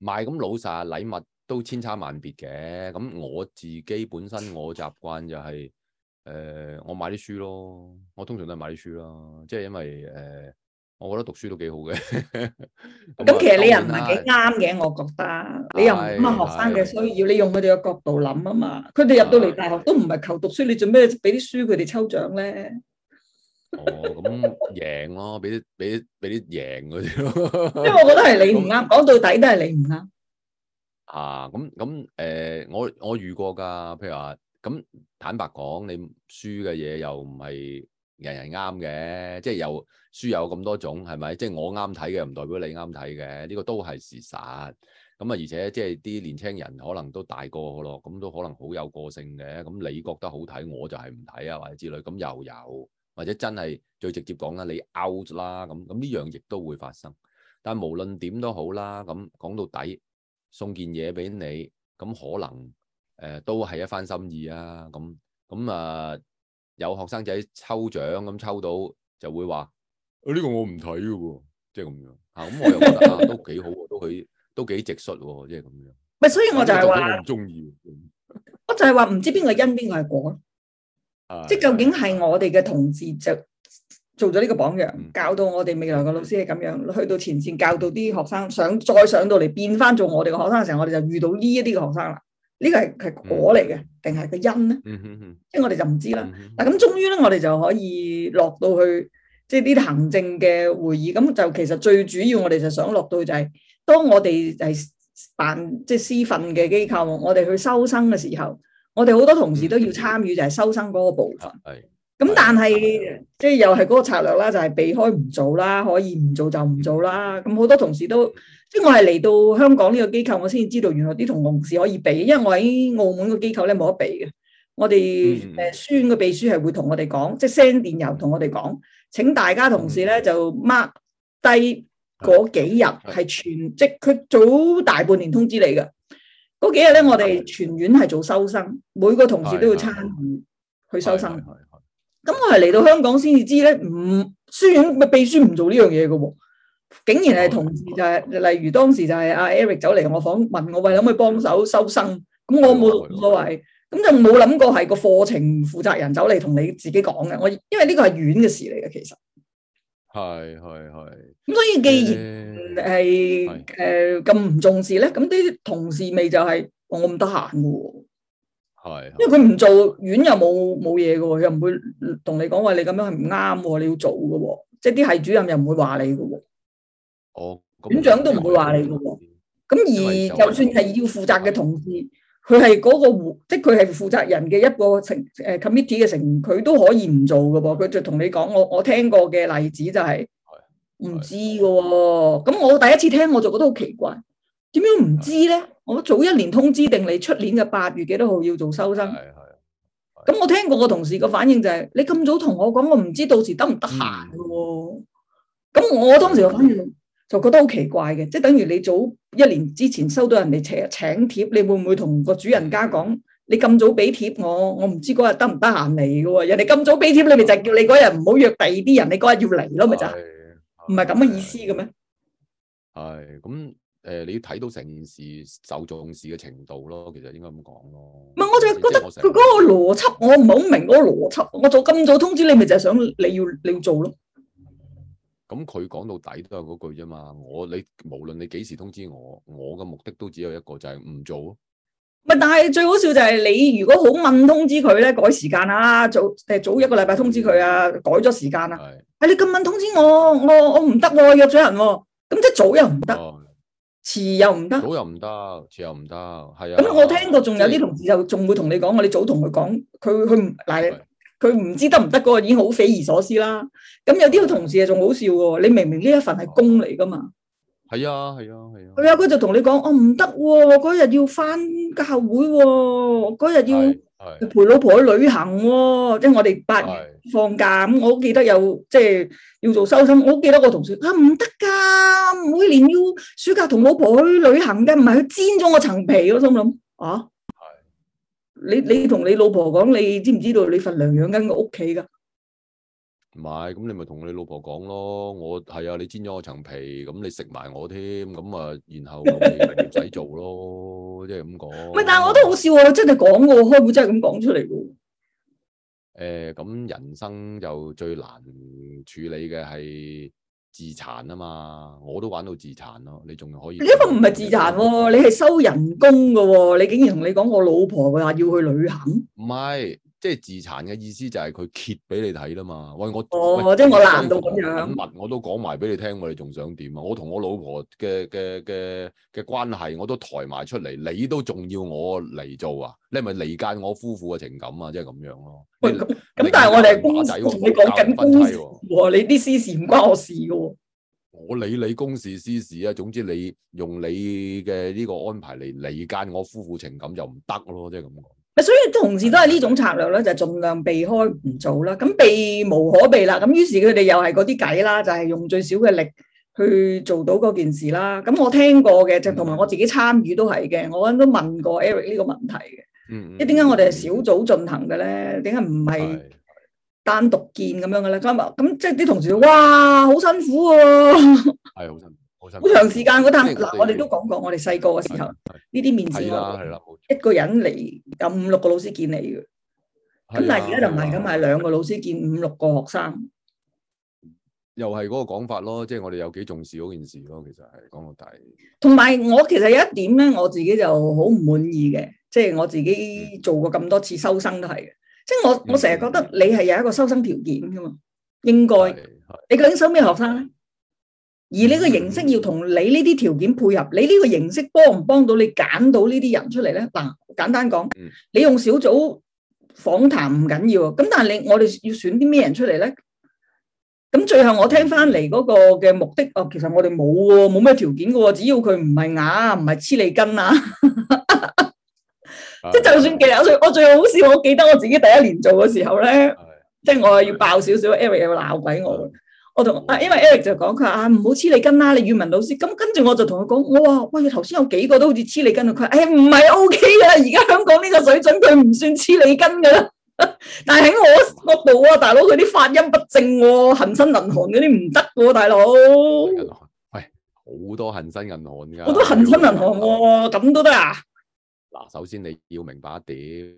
嘛。唔咁老晒禮物都千差萬別嘅。咁我自己本身我習慣就係、是、誒、呃，我買啲書咯，我通常都係買啲書咯，即係因為誒。呃我覺得讀書都幾好嘅， *laughs* 咁其實你又唔係幾啱嘅，是我覺得你又唔係學生嘅需要，是你用佢哋嘅角度諗啊嘛，佢哋入到嚟大學都唔係求讀書，你做咩俾啲書佢哋抽獎咧？ *laughs* 哦，咁贏咯，俾啲俾俾啲贏嗰啲咯， *laughs* 因為我覺得係你唔啱，講那到底都係你唔啱。啊，咁咁誒，我我遇過噶，譬如話咁坦白講，你書嘅嘢又唔係。人人啱嘅，即係有書有咁多種，係咪？即係我啱睇嘅，唔代表你啱睇嘅，呢、呢個都係事實。咁啊，而且即係啲年輕人可能都大個咯，咁都可能好有個性嘅。咁你覺得好睇，我就係唔睇啊，或者之類。咁又有，或者真係最直接講啦，你 out 啦咁，咁呢樣亦都會發生。但係無論點都好啦，咁講到底送件嘢俾你，咁可能誒、呃、都係一番心意啊。咁咁啊～有學生仔抽獎咁抽到，就會話：呢個我唔睇嘅喎，即係咁樣吓。咁、嗯、我又覺得、 *laughs* 啊、都幾好，都佢都幾直率，即係咁樣。咪所以我就係話唔中意。就我，我就係話唔知邊個因邊個係果，即係的究竟係我哋嘅同志就做咗呢個榜樣，嗯、教到我哋未來嘅老師係咁樣，去到前線教到啲學生，想再上到嚟變翻做我哋嘅學生嘅時候，我哋就遇到呢一啲嘅學生啦。呢個係係果嚟嘅，定係個因咧？即係我哋就唔知啦。嗱咁，終於咧，我哋就可以落到去，即係啲行政嘅會議。咁就其實最主要，我哋就想落到就係，當我哋係辦即係私訓嘅機構，我哋去收生嘅時候，我哋好多同事都要參與，就係收生嗰個部分。 *laughs* 咁但係即係又係嗰個策略啦，就係、是、避開唔做啦，可以唔做就唔做啦。咁好多同事都即係我係嚟到香港呢個機構，我先知道原來啲同同事可以避，因為我喺澳門個機構咧冇得避嘅。我哋誒書院嘅秘書係會同我哋講，嗯、即係 send 電郵同我哋講，請大家同事咧就 mark 低嗰幾日係全、嗯、即佢早大半年通知你嘅嗰幾日咧，我哋全院係做收生，嗯、每個同事都要參與去收生。咁我係嚟到香港先至知咧，唔書院秘書唔做呢樣嘢嘅喎，竟然係同事就係、是，例如當時就係阿 Eric 走嚟我房問我，為諗去幫手收生，咁我冇所謂，咁 *laughs* 就冇諗過係個課程負責人走嚟同你自己講嘅，我因為呢個係院嘅事嚟嘅，其實係係係，咁 *noise* *noise* 所以既然係誒咁唔重視咧，咁啲同事咪就係我唔得閒嘅。係，因為佢唔做，院又冇冇嘢嘅，又唔會同你講話、哎、你咁樣係唔啱，你要做嘅，即係啲系主任又唔會話你嘅，哦，院長都唔會話你嘅，咁、就是、而就算係要負責嘅同事，佢係嗰個即係佢係負責人嘅一個成誒、呃、committee 嘅成員，佢都可以唔做嘅，佢就同你講，我我聽過嘅例子就係唔知嘅，咁我第一次聽我就覺得好奇怪。點樣唔知咧？我早一年通知定你出年嘅八月幾多號要做收生？係係。咁我聽過個同事個反應就係、是，你咁早同我講，我唔知到時得唔得閒嘅。咁、嗯、我當時就反應就覺得好奇怪嘅，即係等於你早一年之前收到人哋請請帖，你會唔會同個主人家講？你咁早俾帖我，我唔知嗰日得唔得閒嚟嘅。人哋咁早俾帖你，咪就係叫你嗰日唔好約第二啲人，你嗰日要嚟咯，咪就係。唔係咁嘅意思嘅咩？係咁。誒，你要睇到成件事受重視嘅程度咯，其實應該咁講咯。唔係，我就覺得佢嗰個邏輯，我唔係好明嗰個邏輯。我做咁早通知你，咪就係想你要你要做咯。咁佢講到底都係嗰句啫嘛。我你無論你幾時通知我，我嘅目的都只有一個，就係、是、唔做咯。係，但係最好笑就係你如果好慢通知佢咧，改時間啊，早誒早一個禮拜通知佢啊，改咗時間啊。係是，你咁慢通知我，我我唔得，約咗人。咁即係早又唔得。哦。遲又唔得，早又唔得，遲又唔得，係啊！咁我聽過，仲有啲同事就仲會同你講，我、啊、你早同佢講，佢佢唔嚟，佢唔係知得唔得嗰個已經好匪夷所思啦。咁有啲個同事啊仲好笑喎，你明明呢一份係工嚟噶嘛，係啊係啊係啊，佢啊佢、啊啊、就同你講、哦啊，我唔得喎，我嗰日要返教會喎、啊，我嗰日要，陪老婆去旅行、哦，即係我哋八月放假咁，是我好記得有即係要做收心。我好記得個同事啊，唔得噶，每年要暑假同老婆去旅行嘅，唔係佢煎咗我層皮咯。心諗啊，是你你同你老婆講，你知唔知道你份娘養緊個屋企噶？唔係，咁你咪同你老婆講咯。我係啊，你煎咗我層皮，咁你食埋我添，咁啊，然後唔使做咯，即係咁講。唔係，但係我都好笑喎，哦， *laughs* 真係講嘅，開會真係咁講出嚟嘅。誒、呃，咁人生就最難處理嘅係自殘啊嘛，我都玩到自殘咯，你仲可以？呢個唔係自殘，啊，你係收人工嘅，哦， *laughs* 你竟然同你講我老婆話要去旅行，唔係。即係自殘嘅意思就係佢揭俾你睇啦嘛，喂我哦，喂即係我難到咁樣，咁問，我都講埋俾你聽，我哋仲想點啊？我同我老婆嘅嘅嘅嘅關係，我都抬埋出嚟，你都仲要我嚟做啊？你係咪離間我夫婦嘅情感啊？即係咁樣咯，啊。喂，咁你但係你我哋係公事，你講緊公事，你啲私事唔關我事噶。我理你公事私事啊，總之你用你嘅呢個安排嚟離間我夫婦情感就唔得咯，即係咁講。所以同事都係呢種策略咧，就係、是、盡量避開唔做啦。咁避無可避啦。咁於是佢哋又係嗰啲計啦，就係、是、用最少嘅力去做到嗰件事啦。咁我聽過嘅，就同、是、埋我自己參與都係嘅。我都問過 Eric 呢個問題嘅。嗯。即係點解我哋係小組進行嘅咧？點解唔係單獨見咁樣嘅咧？咁是即係啲同事哇，好辛苦喎、啊。係好辛。好長時間嗰攤嗱，我哋都講過，我哋細個嘅時候呢啲面試啦，係啦，一個人嚟有五六個老師見你嘅，咁但係而家就唔係咁係兩個老師見五六個學生，又係嗰個講法咯，即係我哋有幾重視嗰件事咯，其實係講到底。同埋我其實有一點咧，我自己就好唔滿意嘅，即係我自己做過咁多次收生都係嘅，即係我我成日覺得你係有一個收生條件噶嘛，應該你究竟收咩學生咧？而呢個形式要同你呢啲條件配合，你呢個形式幫唔幫到你揀到呢啲人出嚟咧？嗱，簡單講，你用小組訪談唔緊要，咁但係你我哋要選啲咩人出嚟咧？咁最後我聽翻嚟嗰個嘅目的，哦，其實我哋冇喎，冇咩條件嘅喎，只要佢唔係啞，唔係黐脷根啊，即 *laughs* 係、啊、 *laughs* 就算幾廿歲，我最好笑，我記得我自己第一年做嘅時候咧，即係、啊啊、我係要爆少少，Eric 又鬧鬼我。我同啊，因為 Eric 就講佢話啊，唔好黐你根啦，你語文老師咁。跟住我就同佢講，我話喂，你頭先有幾個都好似黐你根啊，佢話誒唔係 OK 啊，而家香港呢個水準佢唔算黐你根噶，但喺我度啊，大佬佢啲發音不正喎，恆生銀行嗰啲唔得嘅喎，大佬。喂，好多恒生銀行㗎。好多恒生銀行喎，咁都得啊？嗱，哦，首先你要明白一點。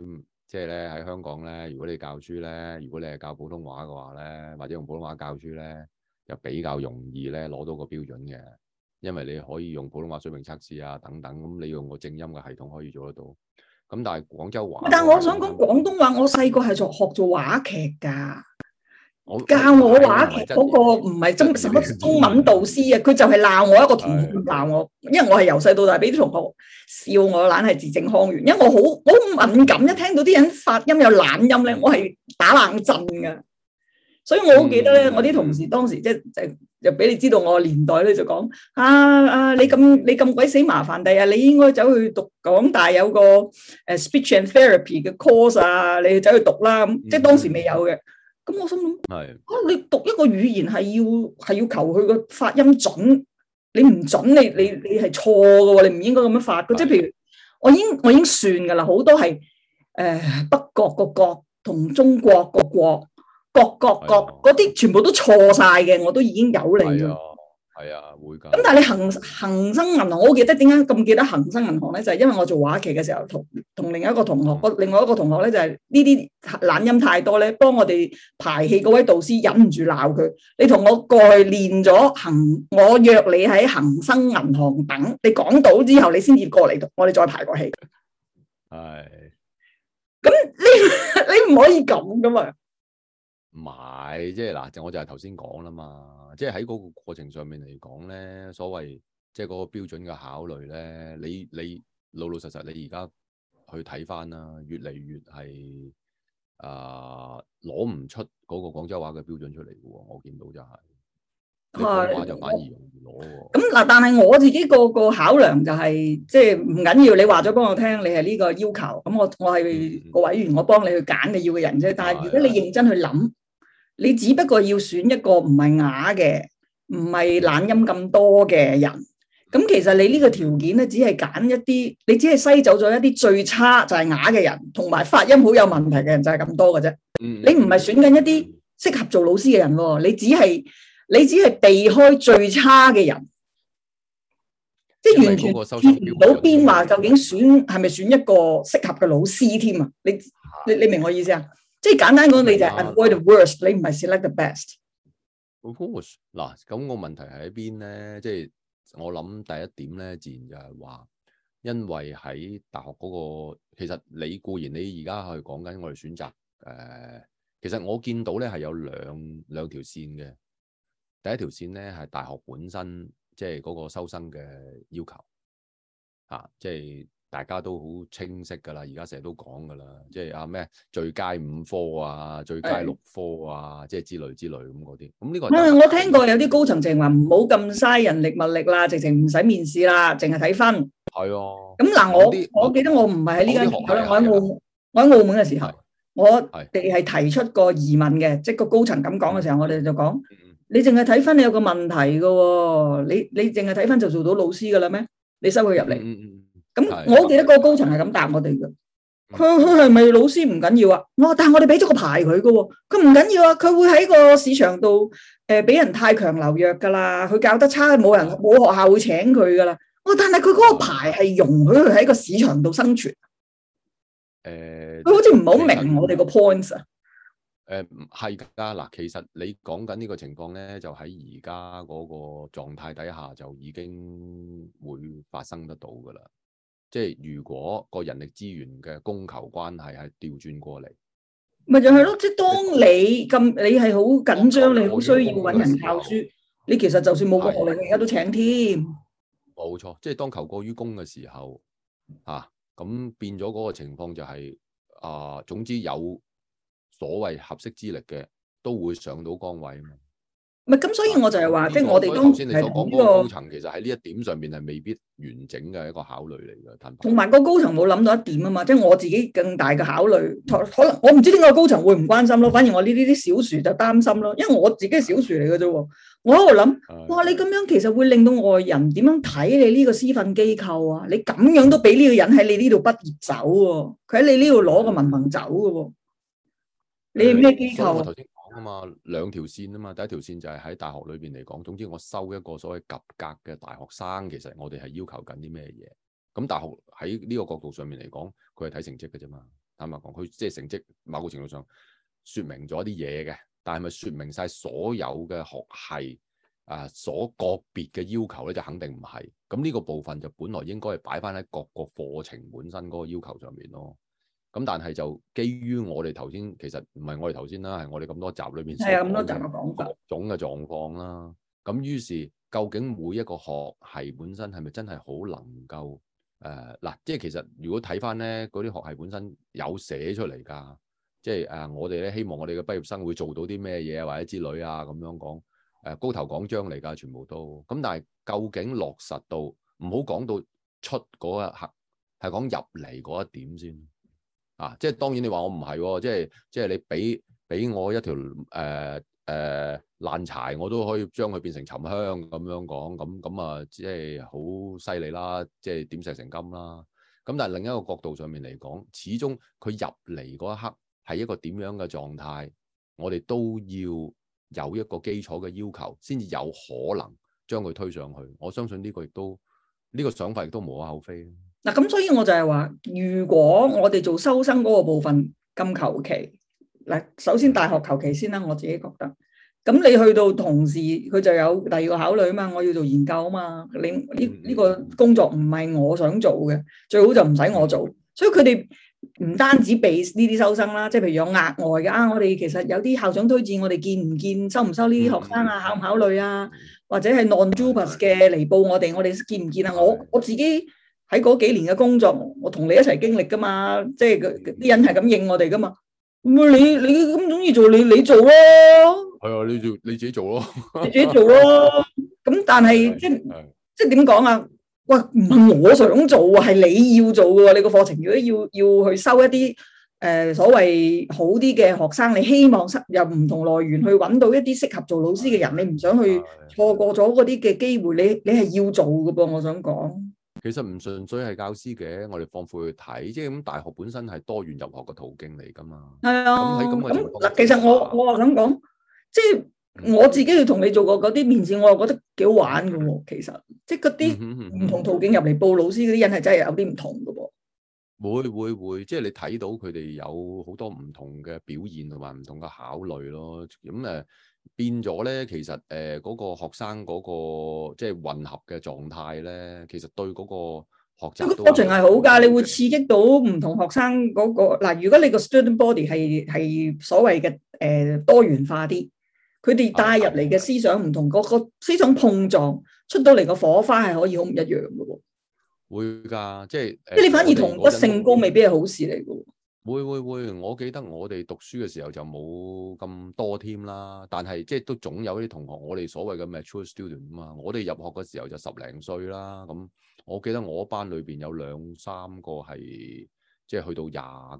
即係咧，喺香港咧，如果你教書咧，如果你係教普通話嘅話咧，或者用普通話教書咧，就比較容易咧攞到個標準嘅，因為你可以用普通話水平測試啊等等，咁你用個正音嘅系統可以做得到。咁但係廣州話嘅話，但我想講廣東話，我細個係做學做話劇㗎。教我話劇嗰個唔係中什麼中文導師啊，佢就係鬧我一個同學鬧我，因為我係由細到大俾啲同學笑我懶係字正腔圓，因為我好好敏感，一聽到啲人發音有懶音咧，我係打冷震噶所以我好記得咧，我啲同事當時即係就俾你知道我年代咧，就講啊啊，你咁你咁鬼死麻煩，第日，你應該走去讀港大有個誒 speech and therapy 嘅 course 啊，你走去讀啦，即係當時未有嘅。咁我心諗，啊、嗯，你讀一個語言係要係要求佢個發音準，你唔準，你你你係錯嘅喎，你唔應該咁樣發嘅。即係的譬如，我已經我已經算噶啦，好多係誒、呃、北國個國同中國個國，各國國嗰啲全部都錯晒嘅，我都已經有嚟係啊，會噶。咁但係你恒恒生銀行，我記得點解咁記得恒生銀行咧，就係因為我做話劇嘅時候，同同另一個同學，個另外一個同學咧就係呢啲懶音太多咧，幫我哋排戲嗰位導師忍唔住鬧佢。你同我過去練咗恒，我約你喺恒生銀行等，你講到之後，你先至過嚟度，我哋再排個戲。係。咁你你唔可以咁噶嘛？唔係即係嗱，就我就係頭先講啦嘛，即係喺嗰個過程上面嚟講咧，所謂即係嗰個標準嘅考慮咧，你你老老實實你而家去睇翻啦，越嚟越係啊，攞唔出嗰個廣州話嘅標準出嚟嘅喎，我見到就係、是，普通話就反而容易攞喎。咁嗱，但係我自己個個考量就係、是，即係唔緊要，你話咗畀我聽，你係呢個要求，咁我我係個委員，嗯、我幫你去揀你要嘅人啫。是但係如果你認真去諗。你只不過要選一個唔係啞嘅，唔係懶音咁多嘅人。咁其實你個條呢個條件咧，只係揀一啲，你只係篩走咗一啲最差就係啞嘅人，同埋發音好有問題嘅人，就係咁多嘅啫。嗯嗯嗯，你唔係選緊一啲適合做老師嘅人喎，你只係你只係避開最差嘅人，即係完全見唔到邊話究竟選係咪選一個適合嘅老師添啊？你你你明我意思啊？即係簡單講，的你就係 avoid the worst、啊、你唔係 select the best。Of course，嗱，咁個問題喺邊咧？即、就、係、是、我諗第一點咧，自然就係話，因為喺大學嗰、那個，其實你固然你而家去講緊我哋選擇，誒、呃，其實我見到咧係有兩兩條線嘅。第一條線咧係大學本身，即係嗰個收生嘅要求，啊，即係。大家都好清晰噶啦，而家成日都講噶啦，即係阿咩最佳五科啊，最佳六科啊，即係之類之類咁嗰啲。咁呢個，我我聽過有啲高層就話唔好咁嘥人力物力啦，直情唔使面試啦，淨係睇分。係啊。咁嗱，我我記得我唔係喺呢間學校，係咯，我喺澳，我喺澳門嘅時候，我哋係提出過疑問嘅，即係個高層咁講嘅時候，我哋就講，你淨係睇分，你有個問題噶，你你淨係睇分就做到老師噶啦咩？你收佢入嚟？咁、嗯嗯、我記得個高層係咁答我哋嘅，佢話係咪老師唔緊要啊？我話，但係我哋俾咗個牌佢嘅，佢唔緊要啊！佢會喺個市場度，誒，俾人太強流弱噶啦，佢教得差，冇人冇、嗯、學校會請佢噶啦。我但係佢嗰個牌係容許佢喺個市場度生存。誒、呃，佢好似唔係好明實我哋個 point 啊、呃。誒，係噶嗱，其實你講緊呢個情況咧，就喺而家嗰個狀態底下就已經會發生得到噶啦。即係如果個人力資源嘅供求關係係調轉過嚟，咪就係咯。即係當你咁，你係好緊張，你好需要揾人教書，你其實就算冇個學歷，佢而家都請添。冇錯，即係當求過於供嘅時候，啊，咁變咗嗰個情況就係、是、啊，總之有所謂合適之力嘅，都會上到崗位。咁，所以我就係話，即係、嗯、我哋都係呢個高層，其實喺呢一點上邊係未必完整嘅一個考慮嚟嘅。同埋個高層冇諗到一點啊嘛，即係我自己更大嘅考慮，可能我唔知點解高層會唔關心咯。反而我呢呢啲小薯就擔心咯，因為我自己係小薯嚟嘅啫。我喺度諗，的哇！你咁樣其實會令到外人點樣睇你呢個私訓機構啊？你咁樣都俾呢個人喺你呢度畢業走喎、啊，佢喺你呢度攞個文憑走嘅喎、啊。你係咩機構、啊啊嘛，兩條線啊嘛，第一條線就係喺大學裏邊嚟講。總之我收一個所謂及格嘅大學生，其實我哋係要求緊啲咩嘢？咁大學喺呢個角度上面嚟講，佢係睇成績嘅啫嘛。坦白講，佢即係成績某個程度上說明咗啲嘢嘅，但係咪說明晒所有嘅學系啊所個別嘅要求咧，就肯定唔係。咁呢個部分就本來應該係擺翻喺各個課程本身嗰個要求上面咯。咁但係就基於我哋頭先，其實唔係我哋頭先啦，係我哋咁多集裏邊，係咁多集嘅講法總嘅狀況啦。咁於是究竟每一個學系本身係咪真係好能夠誒嗱？即係其實如果睇翻咧，嗰啲學系本身有寫出嚟㗎，即係誒、呃、我哋咧希望我哋嘅畢業生會做到啲咩嘢或者之類啊，咁樣講誒、呃、高頭講章嚟㗎，全部都咁。但係究竟落實到，唔好講到出嗰一刻，係講入嚟嗰一點先。啊！即係當然，你話我唔係喎，即係即係你俾俾我一條誒誒、呃呃、爛柴，我都可以將佢變成沉香咁樣講，咁咁啊，即係好犀利啦，即係點石成金啦。咁但係另一個角度上面嚟講，始終佢入嚟嗰一刻係一個點樣嘅狀態，我哋都要有一個基礎嘅要求，先至有可能將佢推上去。我相信呢個亦都呢、呢個想法亦都無可厚非。嗱咁，所以我就係話，如果我哋做收生嗰個部分咁求其，嗱，首先大學求其先啦，我自己覺得。咁你去到同事，佢就有第二個考慮啊嘛，我要做研究啊嘛，你呢呢、呢個工作唔係我想做嘅，最好就唔使我做。所以佢哋唔單止俾呢啲收生啦，即係譬如有額外噶、啊，我哋其實有啲校長推薦我哋見唔見收唔收呢啲學生啊，考唔考慮啊，或者係 non-JUPAS 嘅嚟報我哋，我哋見唔見啊？我我自己。喺嗰幾年嘅工作，我同你一齊經歷噶嘛，即係佢啲人係咁應我哋噶嘛。咁你你咁中意做，你你做咯。係啊，你做你自己做咯。你自己做咯。咁但係即係即係點講啊？喂，唔係我想做啊，係你要做噶。你個課程如果要要去收一啲誒所謂好啲嘅學生，你希望收由唔同來源去揾到一啲適合做老師嘅人，你唔想去錯過咗嗰啲嘅機會，你你係要做噶噃。我想講。其實唔純粹係教師嘅，我哋放闊去睇，即係咁大學本身係多元入學嘅途徑嚟噶嘛。係啊，咁咁嗱，其實我我諗講，即係我自己要同你做過嗰啲面試，我又覺得幾好玩噶喎。其實，即係嗰啲唔同途徑入嚟報老師嗰啲人，係真係有啲唔同噶喎。會會會，即係你睇到佢哋有好多唔同嘅表現同埋唔同嘅考慮咯。咁誒。變咗咧，其實誒，嗰、呃那個學生嗰、那個即係混合嘅狀態咧，其實對嗰個學習個課程係好噶，你會刺激到唔同學生嗰、那個嗱、啊，如果你個 student body 係係所謂嘅誒、呃、多元化啲，佢哋帶入嚟嘅思想唔、嗯、同，個思想碰撞出到嚟個火花係可以好唔一樣噶喎，會噶，即係即係你反而同個性高未必係好事嚟噶。呃會會會，我記得我哋讀書嘅時候就冇咁多添啦，但係即係都總有啲同學，我哋所謂嘅 mature student 啊嘛，我哋入學嘅時候就十零歲啦，咁、嗯、我記得我班裏邊有兩三個係即係去到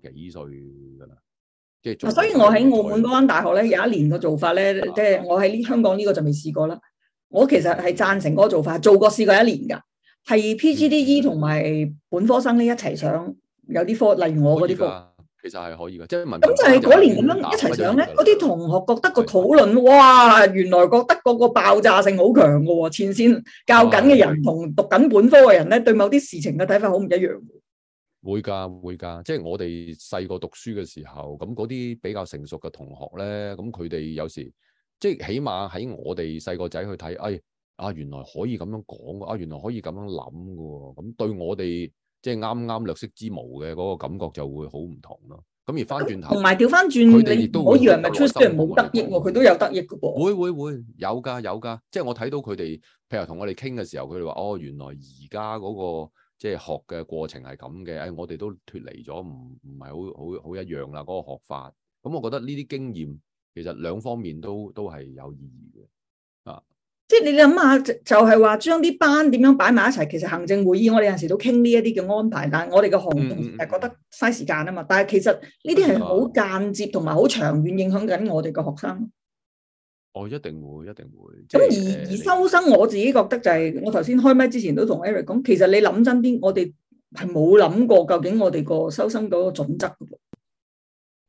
廿幾歲噶啦，即所以，我喺澳門嗰間大學咧的有一年嘅做法咧，即係的我喺呢香港呢個就未試過啦。我其實係贊成嗰個做法，做過試過一年噶，係 PGDE 同埋本科生呢一齊上，有啲科，的例如我嗰啲科。其實係可以嘅，即係咁就係嗰年咁樣一齊上咧，嗰啲同學覺得個討論，的哇！原來覺得嗰個爆炸性好強嘅喎，前線教緊嘅人同讀緊本科嘅人咧，啊、對某啲事情嘅睇法好唔一樣會。會噶會噶，即、就、係、是、我哋細個讀書嘅時候，咁嗰啲比較成熟嘅同學咧，咁佢哋有時即係、就是、起碼喺我哋細個仔去睇，哎啊，原來可以咁樣講，啊，原來可以咁樣諗嘅，咁、啊、對我哋。即係啱啱略識之無嘅嗰個感覺就會好唔同咯。咁而翻轉頭同埋調翻轉，亦都好以為咪出師冇得益喎，佢都有得益嘅噃。會會會有㗎有㗎。即係我睇到佢哋，譬如同我哋傾嘅時候，佢哋話：哦，原來而家嗰個即係學嘅過程係咁嘅。誒、哎，我哋都脫離咗，唔唔係好好好一樣啦。嗰、嗰個學法。咁、嗯、我覺得呢啲經驗其實兩方面都都係有意義嘅。啊！即係你諗下，就係話將啲班點樣擺埋一齊。其實行政會議我哋有時都傾呢一啲嘅安排，但係我哋嘅行動係覺得嘥時間啊嘛。但係其實呢啲係好間接同埋好長遠影響緊我哋嘅學生。哦，一定會，一定會。咁而、呃、而收生，我自己覺得就係我頭先開麥之前都同 Eric 講，其實你諗真啲，我哋係冇諗過究竟我哋個收生嗰個準則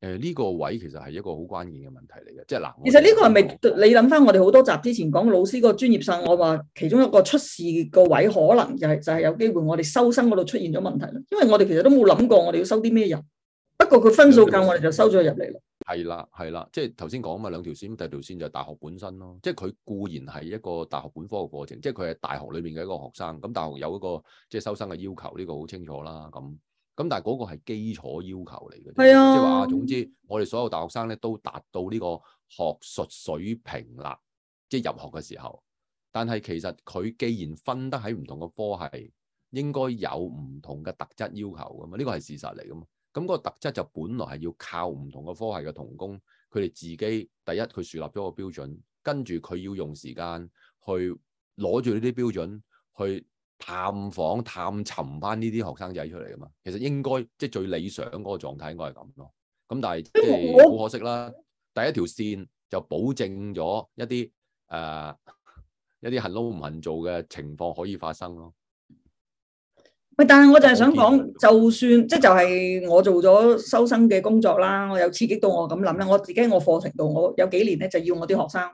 誒，呢個位其實係一個好關鍵嘅問題嚟嘅，即係嗱。其實呢個係咪你諗翻我哋好多集之前講老師個專業性？我話其中一個出事個位，可能就係就係有機會我哋收生嗰度出現咗問題咯。因為我哋其實都冇諗過我哋要收啲咩人，不過佢分數夠，我哋就收咗入嚟啦。係啦，係啦，即係頭先講啊嘛，兩條線，第二條線就係大學本身咯，即係佢固然係一個大學本科嘅過程，即係佢係大學裏面嘅一個學生。咁大學有一個即係收生嘅要求，呢個好清楚啦。咁。咁但係嗰個係基礎要求嚟嘅啫，即係話總之我哋所有大學生咧都達到呢個學術水平啦，即係入學嘅時候。但係其實佢既然分得喺唔同嘅科系，應該有唔同嘅特質要求噶嘛？呢個係事實嚟噶嘛？咁嗰個特質就本來係要靠唔同嘅科系嘅同工，佢哋自己第一佢樹立咗個標準，跟住佢要用時間去攞住呢啲標準去。探訪、探尋翻呢啲學生仔出嚟嘅嘛，其實應該即係最理想嗰個狀態應該係咁咯。咁但係即係好可惜啦。我第一條線就保證咗一啲誒、呃、一啲肯撈唔肯做嘅情況可以發生咯。喂，但係我就係想講，就算即係就係我做咗收生嘅工作啦，我有刺激到我咁諗啦。我自己喺我課程度，我有幾年咧就要我啲學生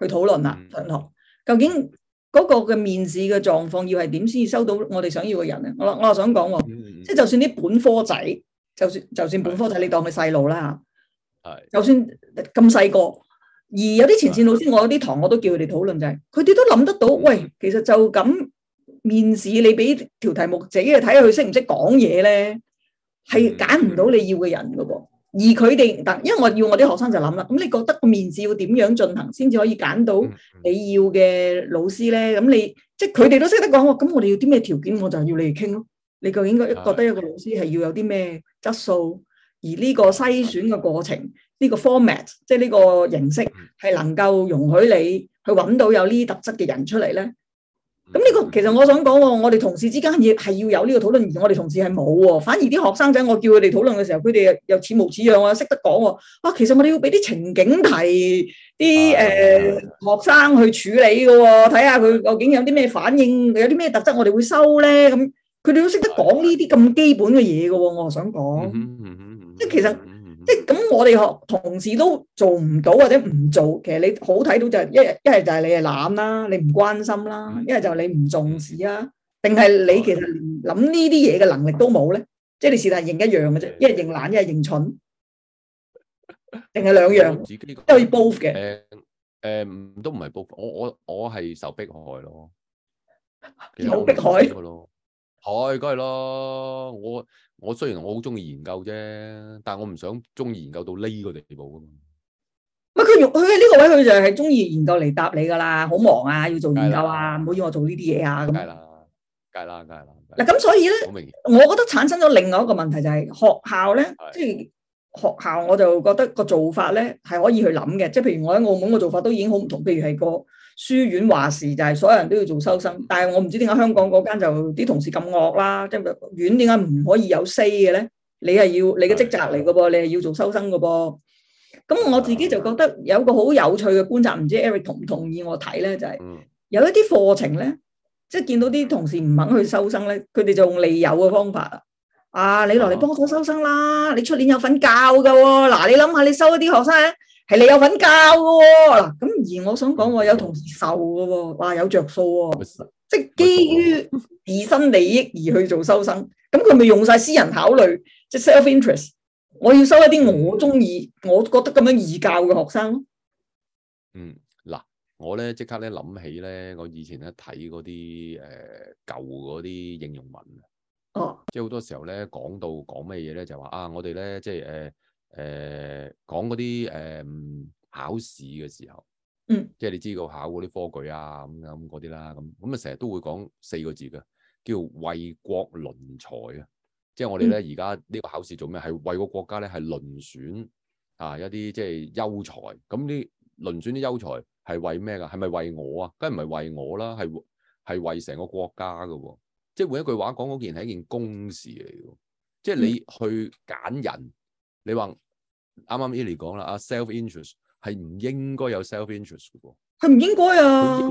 去討論啦，上堂、嗯、究竟。嗰個嘅面試嘅狀況要係點先至收到我哋想要嘅人咧？我我又想講喎，即係就算啲本科仔，就算就算本科仔，你當佢細路啦嚇，係。就算咁細個，而有啲前線老師，我有啲堂我都叫佢哋討論就係、是，佢哋都諗得到。喂，其實就咁面試，你俾條題目自己去睇下佢識唔識講嘢咧，係揀唔到你要嘅人噶噃。而佢哋，嗱，因為我要我啲學生就諗啦，咁你覺得個面試要點樣進行先至可以揀到你要嘅老師咧？咁你即係佢哋都識得講喎，咁我哋要啲咩條件，我就要你哋傾咯。你究竟覺得一個老師係要有啲咩質素，而呢個篩選嘅過程，呢個 format，即係呢個形式，係能夠容許你去揾到有呢啲特質嘅人出嚟咧？咁呢、這個其實我想講喎、哦，我哋同事之間嘅嘢係要有呢個討論，而我哋同事係冇喎。反而啲學生仔，我叫佢哋討論嘅時候，佢哋又似模似樣喎，又識得講喎、哦。啊，其實我哋要俾啲情景題，啲誒、呃、學生去處理嘅喎、哦，睇下佢究竟有啲咩反應，有啲咩特質我、哦，我哋會收咧咁。佢哋都識得講呢啲咁基本嘅嘢嘅喎，我係想講，即係其實。即咁，我哋學同事都做唔到或者唔做，其實你好睇到就係、是、一，一係就係你係懶啦，你唔關心啦、啊，一係、嗯、就係你唔重視啦、啊。定係你其實諗呢啲嘢嘅能力都冇咧？即係你是但認一樣嘅啫，一係認懶，一係認蠢，定係兩樣？自己、呃呃、都要 both 嘅。誒都唔係 both，我我我係受迫害咯，受迫害，受迫害咯，害梗係啦，我。我雖然我好中意研究啫，但係我唔想中意研究到呢個地步噶嘛。唔係佢用佢喺呢個位，佢就係中意研究嚟答你噶啦，好忙啊，要做研究啊，唔好要我做呢啲嘢啊。梗係啦，梗係啦，梗係啦。嗱咁所以咧，我覺得產生咗另外一個問題就係學校咧，即係學校我就覺得個做法咧係可以去諗嘅，即係譬如我喺澳門個做法都已經好唔同，譬如係個。書院話事就係所有人都要做收生，但係我唔知點解香港嗰間就啲同事咁惡啦，即係院點解唔可以有 say 嘅咧？你係要你嘅職責嚟噶噃，你係要做收生噶噃。咁我自己就覺得有個好有趣嘅觀察，唔知 Eric 同唔同意我睇咧？就係、是、有一啲課程咧，即係見到啲同事唔肯去收生咧，佢哋就用利誘嘅方法啦。啊，你落嚟幫手收生啦，你出年有份教噶。嗱，你諗下你收一啲學生你有份教。嗱，咁而我想講，我有同事受嘅喎，哇，有着數喎，是即係基於自身利益而去做收生，咁佢咪用晒私人考慮，即係 self interest，我要收一啲我中意、我覺得咁樣易教嘅學生。嗯，嗱，我咧即刻咧諗起咧，我以前咧睇嗰啲誒舊嗰啲應用文啊，即係好多時候咧講到講咩嘢咧，就話啊，我哋咧即係誒。呃誒，講嗰啲誒考試嘅時候，嗯，即係你知道考嗰啲科舉啊，咁咁嗰啲啦，咁咁啊，成日都會講四個字嘅，叫為國掄才啊，即係我哋咧而家呢個考試做咩？係為個國家咧係掄選啊一啲即係優才，咁啲掄選啲優才係為咩噶？係咪為我啊？梗係唔係為我啦，係係為成個國家噶啊，即係換一句話講，嗰件係一件公事嚟，即係你去揀人，你話。啱啱 Eli 講啦，阿 self interest 係唔應該有 self interest 嘅，佢唔應該啊，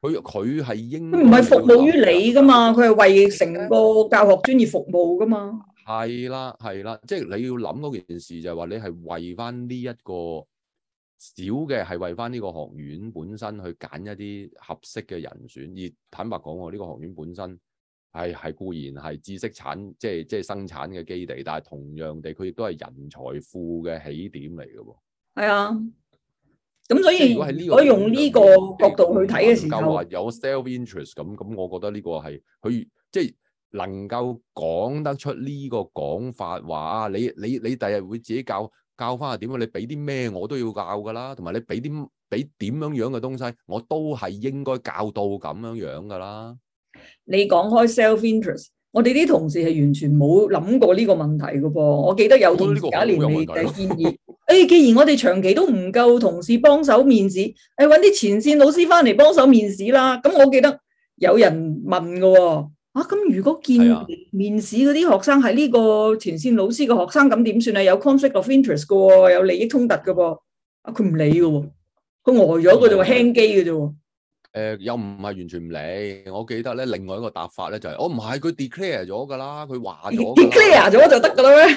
佢佢係應該，佢唔係服務於你噶嘛，佢係為成個教學專業服務噶嘛，係啦係啦，即係、就是、你要諗嗰件事就係話你係為翻呢一個小嘅係為翻呢個學院本身去揀一啲合適嘅人選，而坦白講我呢個學院本身。係係固然係知識產，即係即係生產嘅基地，但係同樣地，佢亦都係人財富嘅起點嚟嘅。係啊，咁所以如果個用呢個角度去睇嘅時候，有 self interest 咁，咁我覺得呢個係佢即係能夠講得出呢個講法，話啊，你你你第日會自己教教翻係點啊？你俾啲咩我都要教噶啦，同埋你俾啲俾點樣樣嘅東西，我都係應該教到咁樣樣噶啦。你講開 self-interest，我哋啲同事係完全冇諗過呢個問題噶噃。我記得有同事有一年你嘅建議，誒、嗯，這個、 *laughs* 既然我哋長期都唔夠同事幫手面試，誒、哎，揾啲前線老師翻嚟幫手面試啦。咁我記得有人問噶，啊，咁如果見面試嗰啲學生係呢個前線老師嘅學生，咁點算啊？有 conflict of interest 噶，有利益衝突噶噃，啊，佢唔理噶，佢呆咗，佢就話輕機噶啫。嗯嗯誒、呃，又唔係完全唔理，我記得咧另外一個答法咧就係、是，我唔係佢 declare 咗噶啦，佢話咗 declare 咗就得噶啦咩？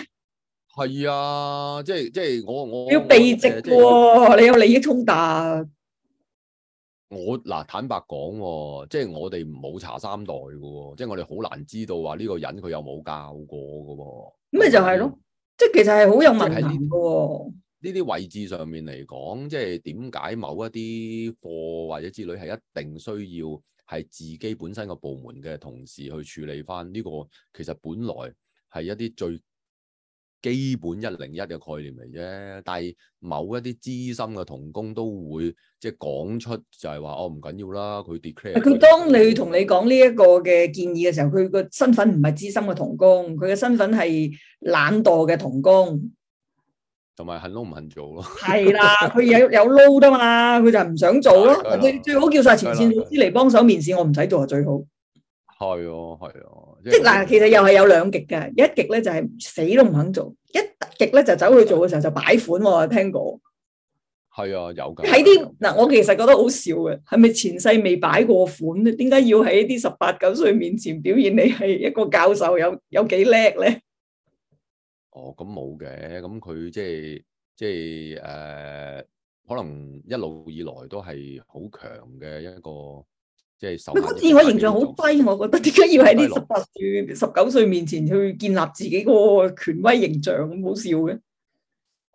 係啊，即係即係我我要避席嘅、哦，你有利益衝突。我嗱、呃、坦白講、哦，即係我哋冇查三代嘅，即係我哋好難知道話呢個人佢有冇教過嘅。咁咪就係咯，嗯、即係其實係好有問題咯。呢啲位置上面嚟講，即係點解某一啲貨或者之類係一定需要係自己本身個部門嘅同事去處理翻呢個？其實本來係一啲最基本一零一嘅概念嚟啫。但係某一啲資深嘅同工都會即係講出，就係話哦，唔緊要啦，佢 declare。佢當你同你講呢一個嘅建議嘅時候，佢個身份唔係資深嘅同工，佢嘅身份係懶惰嘅同工。同埋肯撈唔肯做咯，係啦，佢有有撈噶嘛，佢就係唔想做咯。最最好叫晒前線老師嚟幫手面試，我唔使做就最好。係哦，係哦，即係嗱，其實又係有兩極嘅，一極咧就係死都唔肯做，一極咧就走去做嘅時候就擺款，我聽過。係啊，有噶。喺啲嗱，我其實覺得好笑嘅，係咪前世未擺過款咧？點解要喺啲十八九歲面前表現你係一個教授，有有幾叻咧？哦，咁冇嘅，咁佢即係即係誒，可能一路以來都係好強嘅一個即係。咪個自我形象好低，我覺得點解要喺呢十八歲、十九歲面前去建立自己個權威形象咁好笑嘅？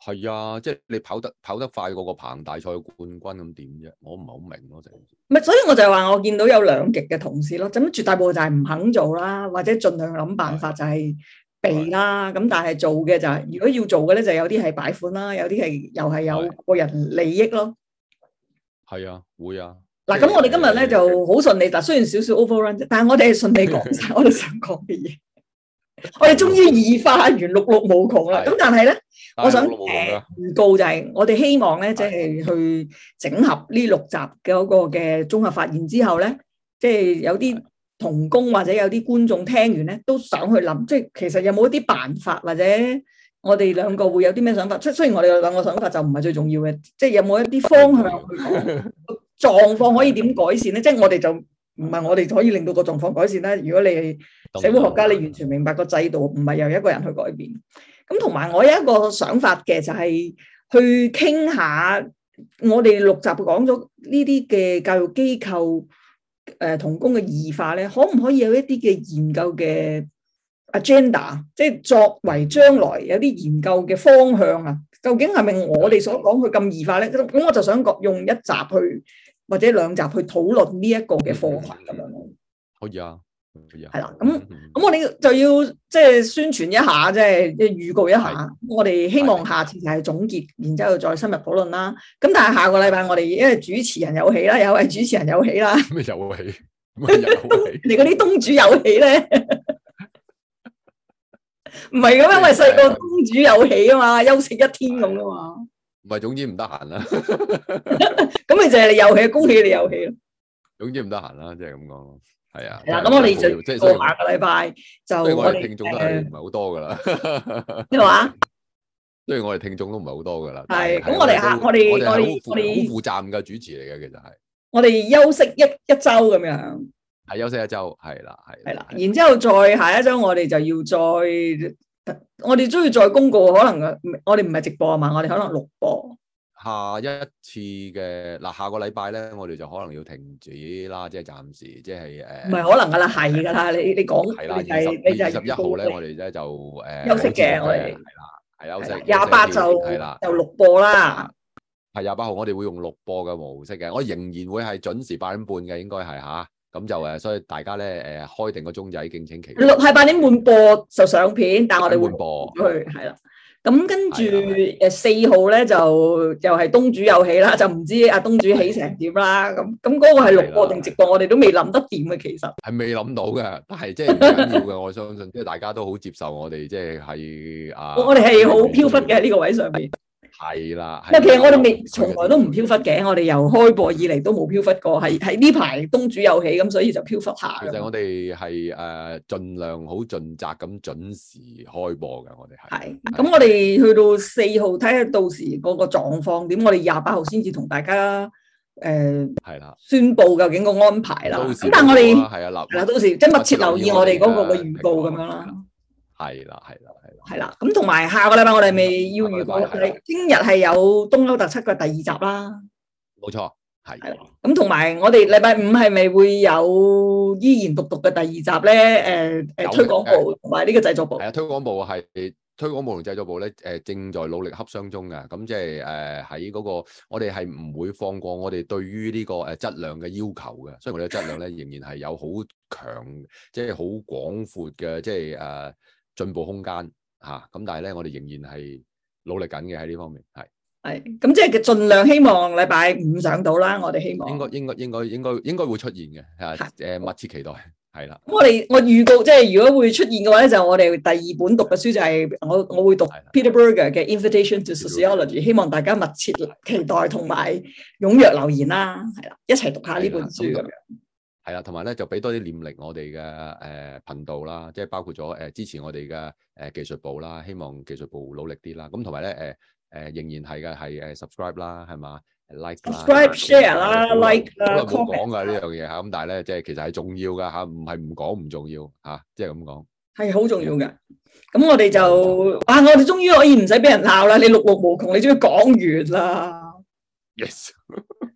係啊，即係你跑得跑得快過個彭大賽冠軍咁點啫？我唔係好明咯，就咪所以我就係話我見到有兩極嘅同事咯，咁絕大部分就係唔肯做啦，或者盡量諗辦法就係。避啦，咁但係做嘅就係，如果要做嘅咧，就有啲係擺款啦，有啲係又係有個人利益咯。係啊，會啊。嗱，咁我哋今日咧就好順利，但，雖然少少 overrun，但係我哋係順利講晒我哋想講嘅嘢。我哋終於異化完六六無窮啦，咁但係咧，我想誒預告就係，我哋希望咧，即係去整合呢六集嘅嗰個嘅綜合發現之後咧，即係有啲。同工或者有啲觀眾聽完咧，都想去諗，即係其實有冇一啲辦法，或者我哋兩個會有啲咩想法？雖雖然我哋兩個想法就唔係最重要嘅，即係有冇一啲方向去講狀況可以點改善咧？即係我哋就唔係我哋可以令到個狀況改善啦。如果你係社會學家，你完全明白，個制度唔係由一個人去改變。咁同埋我有一個想法嘅，就係去傾下我哋六集講咗呢啲嘅教育機構。誒同工嘅異化咧，可唔可以有一啲嘅研究嘅 agenda，即係作為將來有啲研究嘅方向啊？究竟係咪我哋所講佢咁異化咧？咁我就想用一集去或者兩集去討論呢一個嘅課題咁樣咧。可以啊。係啦，咁咁我哋就要即係宣傳一下，即係預告一下。的我哋希望下次係總結，然之後再深入討論啦。咁但係下個禮拜我哋因為主持人有喜啦，有位主持人有喜啦。咩有喜？你嗰啲東主有喜咧？唔係咁，的因為細個東主有喜啊嘛，的休息一天咁啊嘛。唔係，總之唔得閒啦。咁 *laughs* *laughs* 你就係有喜，恭喜你有喜咯。 *laughs* 總之唔得閒啦，即係咁講。係啊，係咁、啊、是我哋就以下個禮拜就我我聽眾都係唔係好多噶啦？咩 *laughs* 話、啊？雖然我哋聽眾都唔係好多噶啦，係咁、啊、但我哋下我哋我哋們我哋好負責嘅主持嚟嘅，其實係我哋休息一一周咁樣，係、啊、休息一周，係啦、啊，係係啦，然之後再下一周我哋就要再我哋鍾意再公告，可能我哋唔係直播啊嘛，我哋可能錄播。下一次嘅嗱，下個禮拜咧，我哋就可能要停止啦，即係暫時，即係誒，唔係可能噶啦，係噶啦，你你講係啦，你十一號咧，我哋咧就誒休息嘅，我哋係啦，係休息廿八就係啦，就錄播啦，係廿八號，我哋會用錄播嘅模式嘅，我仍然會係準時八點半嘅，應該係吓，咁就誒，所以大家咧誒開定個鐘仔，敬請期待。錄係八點半播就上片，但係我哋會播去係啦。咁跟住，誒四號咧就又係東主有起啦，是是就唔知阿東主起成點啦。咁咁嗰個係錄播定直播，是是我哋都未諗得掂嘅，其實係未諗到嘅。但係即係係即係緊要嘅， *laughs* 我相信即係大家都好接受我哋即係喺啊。我哋係好飄忽嘅呢個位上面。 *laughs* 係啦，因為其實我哋未從來都唔漂忽嘅，我哋由開播以嚟都冇漂忽過，係喺呢排東主有起咁，所以就漂忽下。其實我哋係誒盡量好盡責咁準時開播嘅，我哋係。係，咁我哋去到四號睇下到時嗰個狀況點，我哋廿八號先至同大家誒，係啦，宣佈究竟個安排啦。咁但係我哋係啊，嗱嗱，到時即係密切留意我哋嗰個嘅預報咁樣啦。係啦，係啦。係啦，咁同埋下個禮拜我哋未要預告，係聽日係有東歐特輯嘅第二集啦。冇錯，係。係咁同埋我哋禮拜五係咪會有依然讀讀嘅第二集咧？誒、呃、誒，推廣部同埋呢個製作部。係啊，推廣部係推廣部同製作部咧，誒正在努力洽商中嘅。咁即係誒喺嗰個，我哋係唔會放過我哋對於呢個誒質量嘅要求嘅，所以我哋質量咧仍然係有好強，即係好廣闊嘅，即係誒進步空間。吓，咁但係咧，我哋仍然係努力緊嘅喺呢方面，係係，咁即係盡量希望禮拜五上到啦，我哋希望應該應該應該應該應該會出現嘅，吓是，誒，密切期待係啦。咁我哋我預告即係如果會出現嘅話咧，就係、我哋第二本讀嘅書就係、是、我我會讀 Peter Berger 嘅《Invitation to Sociology》，的希望大家密切期待同埋踴躍留言啦，係啦，一齊讀一下呢本書咁的樣。係啦，同埋咧就俾多啲念力我哋嘅誒頻道啦，即係包括咗誒支持我哋嘅誒技術部啦，希望技術部努力啲啦。咁同埋咧誒誒仍然係嘅係誒 subscribe 啦，係嘛 like 啦，subscribe share 啦，like 啦。冇得唔講噶呢樣嘢吓，咁但係咧即係其實係重要噶吓，唔係唔講唔重要吓，即係咁講。係好重要嘅，咁我哋就哇，我哋終於可以唔使俾人鬧啦！你六目無窮，你終於講完啦。Yes。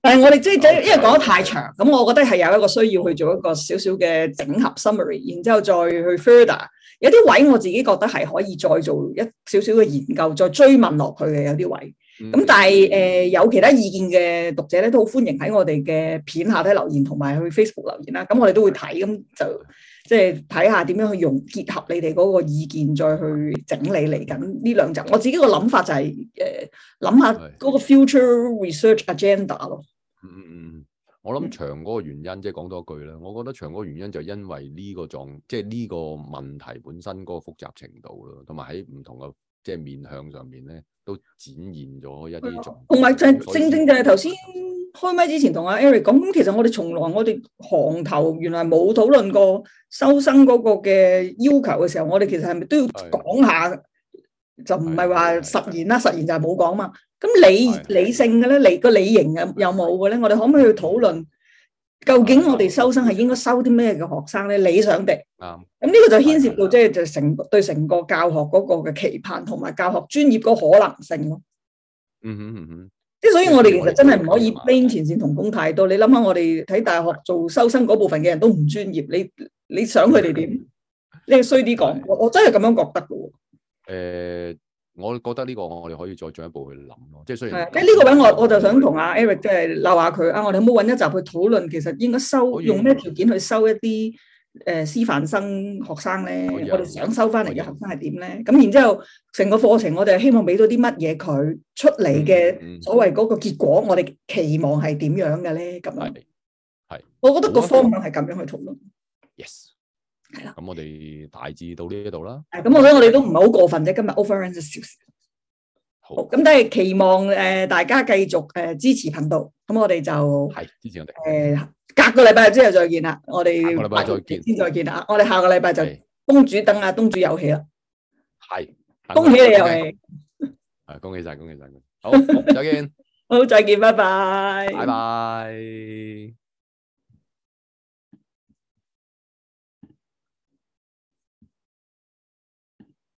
誒，我哋即係因為講得太長，咁我覺得係有一個需要去做一個少少嘅整合 summary，然之後再去 further。有啲位我自己覺得係可以再做一少少嘅研究，再追問落去嘅有啲位。咁但係誒，呃，有其他意見嘅讀者咧，都好歡迎喺我哋嘅片下底留言，同埋去 Facebook 留言啦。咁我哋都會睇，咁就即係睇下點樣去用，結合你哋嗰個意見，再去整理嚟緊呢兩集。我自己個諗法就係誒諗下嗰個 future research agenda 咯。嗯嗯我諗長嗰個原因，即係講多一句啦。我覺得長嗰個原因就因為呢個狀，即係呢個問題本身嗰個複雜程度咯，同埋喺唔同嘅即係面向上面咧，都展現咗一啲狀。同埋正正正就係頭先開麥之前同阿 Eric 講，咁其實我哋從來我哋行頭原來冇討論過收生嗰個嘅要求嘅時候，我哋其實係咪都要講下？的就唔係話實現啦，的實現就係冇講嘛。咁理的理性嘅咧，你個理型嘅有冇嘅咧？我哋可唔可以去討論？究竟我哋收生係應該收啲咩嘅學生咧？理想地，啱的。咁呢個就牽涉到即係就成的對成個教學嗰個嘅期盼同埋教學專業個可能性咯。嗯嗯嗯嗯。即係所以我哋其實真係唔可以 blame 前線同工太多。你諗下，我哋喺大學做收生嗰部分嘅人都唔專業，你你想佢哋點？的你衰啲講，我我真係咁樣覺得嘅。誒的。我覺得呢個我哋可以再進一步去諗咯，即係雖然誒呢個位我我就想同阿 Eric 即係鬧下佢啊，我哋有冇搵一集去討論，其實應該收用咩條件去收一啲誒師範生學生咧？我哋想收翻嚟嘅學生係點咧？咁然之後成個課程我哋希望俾到啲乜嘢佢出嚟嘅所謂嗰個結果，嗯嗯嗯我哋期望係點樣嘅咧？咁樣係，我覺得個方向係咁樣去討論。Yes。係啦，咁我哋大致到呢一度啦。咁我覺得我哋都唔係好過分啫，今日 offer 好，咁都係期望誒大家繼續誒支持頻道。咁我哋就係支持我哋。誒，隔個禮拜之後再見啦。我哋個禮拜再見，先再見啦。我哋下個禮拜就公主等啊，東主有喜啦。係，恭喜你有喜。係，恭喜晒，恭喜晒。好，再見。好，再見，拜拜，拜拜。